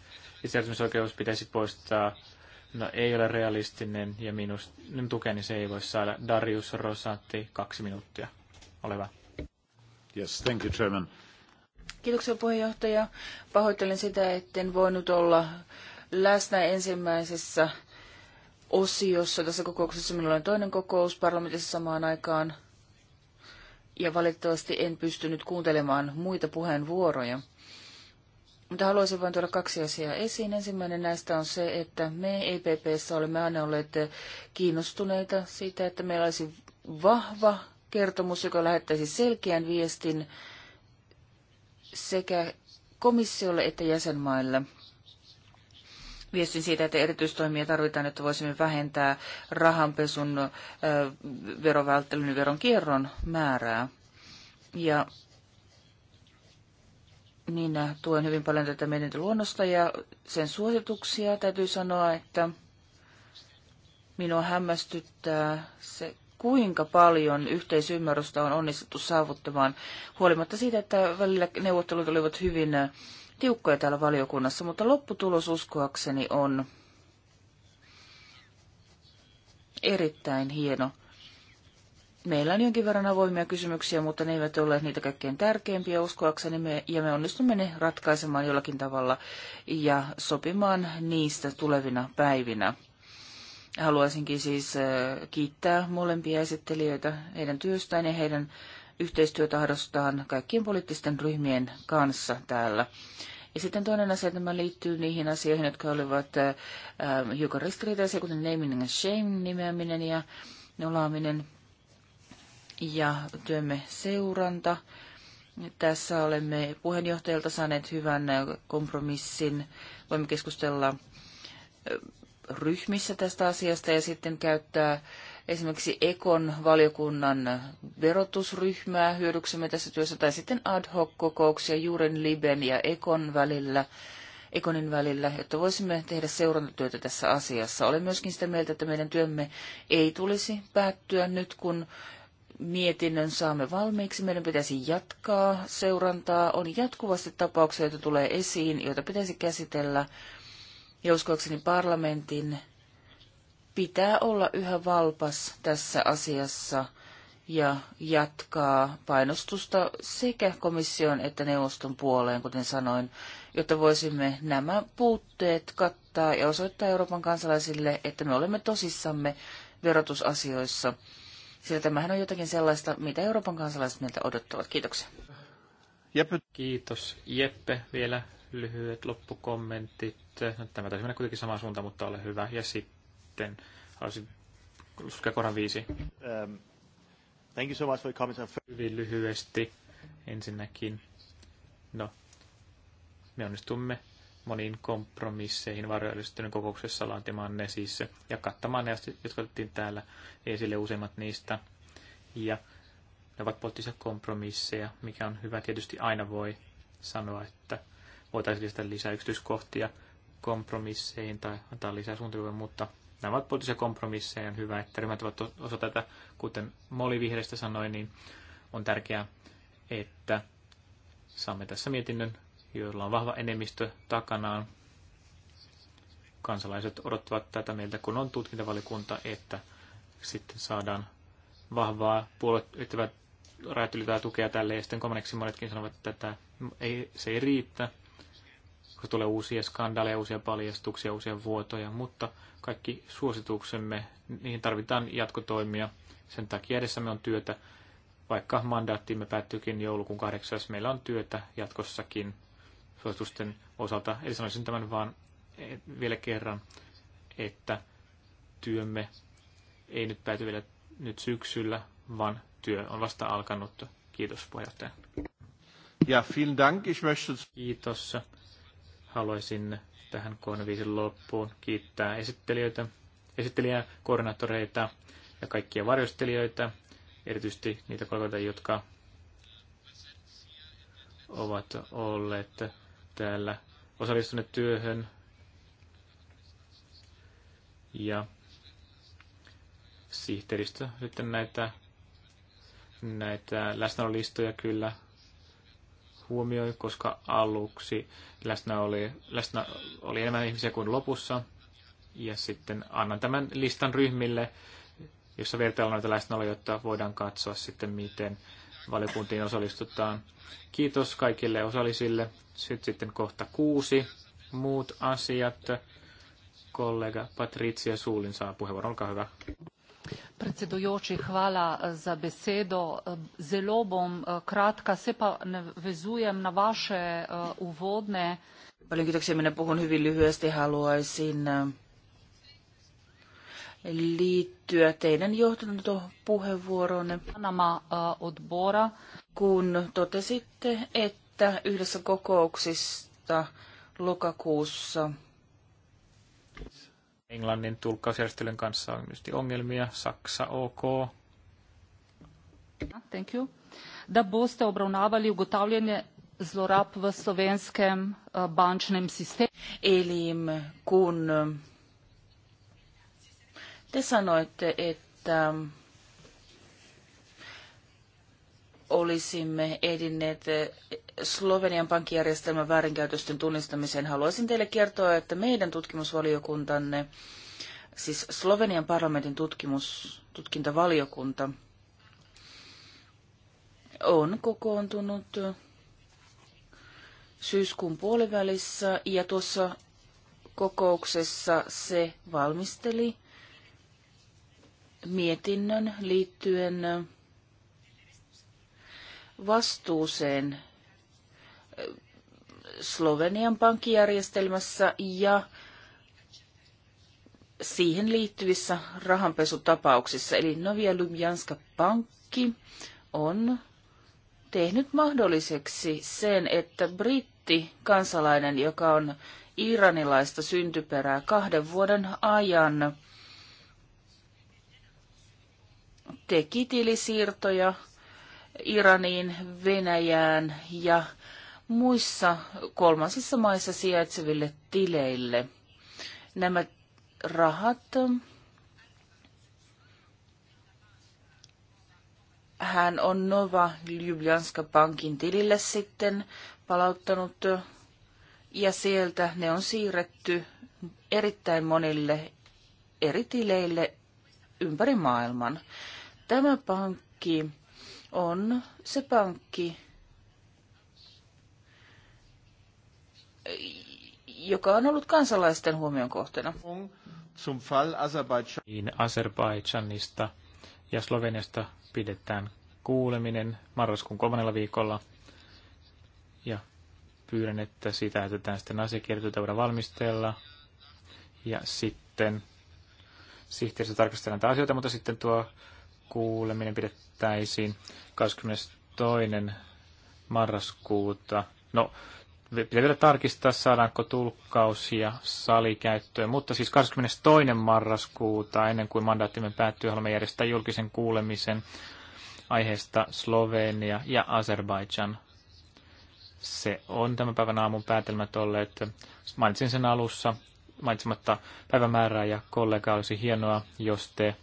itseääntymisoikeus pitäisi poistaa, no ei ole realistinen ja minun tukeni se ei voi saada. Darius Rosati, kaksi minuuttia. Ole hyvä. Yes, thank you, Chairman. Kiitoksia puheenjohtaja. Pahoittelen sitä, etten voinut olla läsnä ensimmäisessä osiossa tässä kokouksessa. Minulla on toinen kokous parlamentissa samaan aikaan ja valitettavasti en pystynyt kuuntelemaan muita puheenvuoroja. Mutta haluaisin vain tuoda kaksi asiaa esiin. Ensimmäinen näistä on se, että me EPPssä olemme aina olleet kiinnostuneita siitä, että meillä olisi vahva kertomus, joka lähettäisi selkeän viestin sekä komissiolle että jäsenmaille. Viestin siitä, että erityistoimia tarvitaan, että voisimme vähentää rahanpesun, verovälttelyn ja veronkierron määrää. Ja niin tuen hyvin paljon tätä mietintöluonnosta ja sen suosituksia. Täytyy sanoa, että minua hämmästyttää se kuinka paljon yhteisymmärrystä on onnistuttu saavuttamaan, huolimatta siitä, että välillä neuvottelut olivat hyvin äh, tiukkoja täällä valiokunnassa, mutta lopputulos uskoakseni on erittäin hieno. Meillä on jonkin verran avoimia kysymyksiä, mutta ne eivät ole niitä kaikkein tärkeimpiä uskoakseni, me, ja me onnistumme ne ratkaisemaan jollakin tavalla ja sopimaan niistä tulevina päivinä. Haluaisinkin siis kiittää molempia esittelijöitä heidän työstään ja heidän yhteistyötahdostaan kaikkien poliittisten ryhmien kanssa täällä. Ja sitten toinen asia, tämä liittyy niihin asioihin, jotka olivat äh, hiukan ristiriitaisia, kuten naming and shame nimeäminen ja nolaaminen ja työmme seuranta. Tässä olemme puheenjohtajalta saaneet hyvän kompromissin. Voimme keskustella ryhmissä tästä asiasta ja sitten käyttää esimerkiksi Ekon valiokunnan verotusryhmää hyödyksemme tässä työssä tai sitten ad hoc kokouksia Juren Liben ja Ekon välillä. Ekonin välillä, jotta voisimme tehdä seurantatyötä tässä asiassa. Olen myöskin sitä mieltä, että meidän työmme ei tulisi päättyä nyt, kun mietinnön saamme valmiiksi. Meidän pitäisi jatkaa seurantaa. On jatkuvasti tapauksia, joita tulee esiin, joita pitäisi käsitellä ja uskoakseni parlamentin pitää olla yhä valpas tässä asiassa ja jatkaa painostusta sekä komission että neuvoston puoleen, kuten sanoin, jotta voisimme nämä puutteet kattaa ja osoittaa Euroopan kansalaisille, että me olemme tosissamme verotusasioissa. Sillä tämähän on jotakin sellaista, mitä Euroopan kansalaiset meiltä odottavat. Kiitoksia. Jeppe. Kiitos Jeppe vielä lyhyet loppukommentit. No, tämä taisi mennä kuitenkin samaan suuntaan, mutta ole hyvä. Ja sitten haluaisin lukea kohdan viisi. Um, thank you so much for your comments. Hyvin lyhyesti ensinnäkin. No, me onnistumme moniin kompromisseihin varjoillistuneen kokouksessa laatimaan ne siis ja kattamaan ne, jotka otettiin täällä esille useimmat niistä. Ja ne ovat poliittisia kompromisseja, mikä on hyvä. Tietysti aina voi sanoa, että voitaisiin lisätä lisää yksityiskohtia kompromisseihin tai antaa lisää suunnitelmia, mutta nämä ovat poliittisia kompromisseja. On hyvä, että ryhmät ovat osa tätä, kuten Moli Vihreistä sanoi, niin on tärkeää, että saamme tässä mietinnön, jolla on vahva enemmistö takanaan. Kansalaiset odottavat tätä meiltä, kun on tutkintavalikunta, että sitten saadaan vahvaa puolet ylittävää rajat tukea tälle, ja sitten kolmanneksi monetkin sanovat, että tätä ei, se ei riitä, koska tulee uusia skandaaleja, uusia paljastuksia, uusia vuotoja, mutta kaikki suosituksemme, niihin tarvitaan jatkotoimia. Sen takia edessämme on työtä, vaikka mandaattimme päättyykin joulukuun kahdeksas, meillä on työtä jatkossakin suositusten osalta. Eli sanoisin tämän vaan e, vielä kerran, että työmme ei nyt pääty vielä nyt syksyllä, vaan työ on vasta alkanut. Kiitos puheenjohtaja. Ja, vielen Dank. Ich möchte... Kiitos. Haluaisin tähän k loppuun kiittää esittelijöitä, esittelijää, koordinaattoreita ja kaikkia varjostelijoita, erityisesti niitä kollegoita, jotka ovat olleet täällä osallistuneet työhön. Ja sihteeristö sitten näitä, näitä läsnäolistoja kyllä huomioi, koska aluksi läsnä oli, läsnä oli enemmän ihmisiä kuin lopussa. Ja sitten annan tämän listan ryhmille, jossa vertaillaan näitä läsnäoloja, jotta voidaan katsoa sitten, miten valiokuntiin osallistutaan. Kiitos kaikille osallisille. Sitten sitten kohta kuusi. Muut asiat. Kollega Patricia Suulin saa puheenvuoron. Olkaa hyvä. Predsedujoči, hvala eh, za besedo. Eh, zelo bom eh, kratka, se pa navezujem na vaše uvodne. Paljon kiitoksia. Minä puhun hyvin lyhyesti. Haluaisin liittyä teidän johtantopuheenvuoroonne. Panama odbora. Kun totesitte, että yhdessä kokouksista lokakuussa – Englannin tulkkausjärjestelyn kanssa on myös ongelmia. Saksa OK. Thank you. Da boste obravnavali ugotavljanje zlorab v slovenskem eh, bančnem sistemu. Eli kun te sanoitte, että mm, olisimme edinneet Slovenian pankkijärjestelmän väärinkäytösten tunnistamiseen haluaisin teille kertoa, että meidän tutkimusvaliokuntanne, siis Slovenian parlamentin tutkimus, tutkintavaliokunta, on kokoontunut syyskuun puolivälissä ja tuossa kokouksessa se valmisteli mietinnön liittyen vastuuseen Slovenian pankkijärjestelmässä ja siihen liittyvissä rahanpesutapauksissa. Eli Novia Ljubljanska pankki on tehnyt mahdolliseksi sen, että britti kansalainen, joka on iranilaista syntyperää kahden vuoden ajan, teki tilisiirtoja Iraniin, Venäjään ja muissa kolmansissa maissa sijaitseville tileille. Nämä rahat hän on Nova Ljubljanska Pankin tilille sitten palauttanut ja sieltä ne on siirretty erittäin monille eri tileille ympäri maailman. Tämä pankki on se pankki, joka on ollut kansalaisten huomion kohteena. Niin Azerbaidžanista ja Sloveniasta pidetään kuuleminen marraskuun kolmannella viikolla. Ja pyydän, että sitä jätetään sitten asiakirjoituta voidaan valmistella. Ja sitten sihteerissä tarkastellaan näitä asioita, mutta sitten tuo kuuleminen pidettäisiin 22. marraskuuta. No, pitää vielä tarkistaa, saadaanko tulkkaus ja salikäyttöön. Mutta siis 22. marraskuuta, ennen kuin mandaattimme päättyy, haluamme järjestää julkisen kuulemisen aiheesta Slovenia ja Azerbaidžan. Se on tämän päivän aamun päätelmät olleet. Mainitsin sen alussa mainitsematta päivämäärää ja kollega olisi hienoa, jos te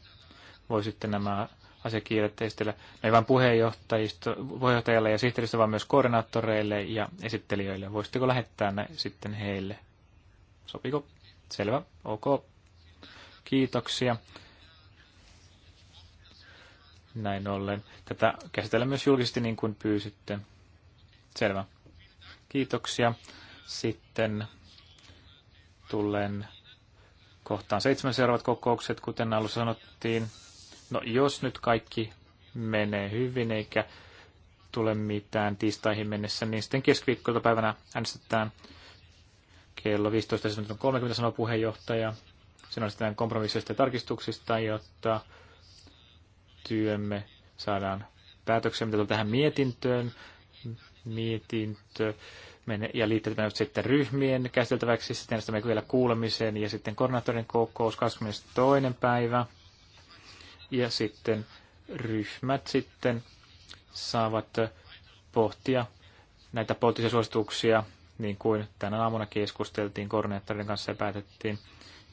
voisitte nämä asiakirjat esitellä ei vain puheenjohtajalle ja sihteeristö, vaan myös koordinaattoreille ja esittelijöille. Voisitteko lähettää ne sitten heille? Sopiko? Selvä. Ok. Kiitoksia. Näin ollen. Tätä käsitellään myös julkisesti niin kuin pyysitte. Selvä. Kiitoksia. Sitten tulen kohtaan seitsemän seuraavat kokoukset, kuten alussa sanottiin. No jos nyt kaikki menee hyvin eikä tule mitään tiistaihin mennessä, niin sitten keskiviikkoilta päivänä äänestetään kello 15.30 sanoo puheenjohtaja. Sen sitten kompromisseista ja tarkistuksista, jotta työmme saadaan päätöksiä, mitä tähän mietintöön. Mietintö ja liittyy sitten ryhmien käsiteltäväksi. Sitten me vielä kuulemiseen ja sitten koordinaattorin kokous 22. päivä ja sitten ryhmät sitten saavat pohtia näitä poliittisia suosituksia, niin kuin tänä aamuna keskusteltiin koordinaattorin kanssa ja päätettiin.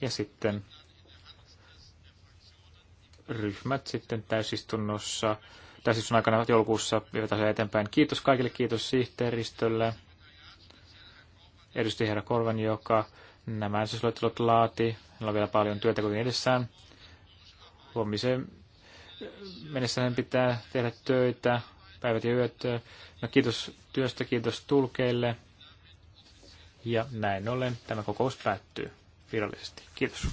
Ja sitten ryhmät sitten täysistunnossa, täysistunnon aikana joulukuussa vievät asiaa eteenpäin. Kiitos kaikille, kiitos sihteeristölle, edustaja herra Korvan, joka nämä äänestysluettelot laati. Hänellä on vielä paljon työtä kuin edessään huomiseen mennessä hän pitää tehdä töitä, päivät ja yöt. No, kiitos työstä, kiitos tulkeille. Ja näin ollen tämä kokous päättyy virallisesti. Kiitos.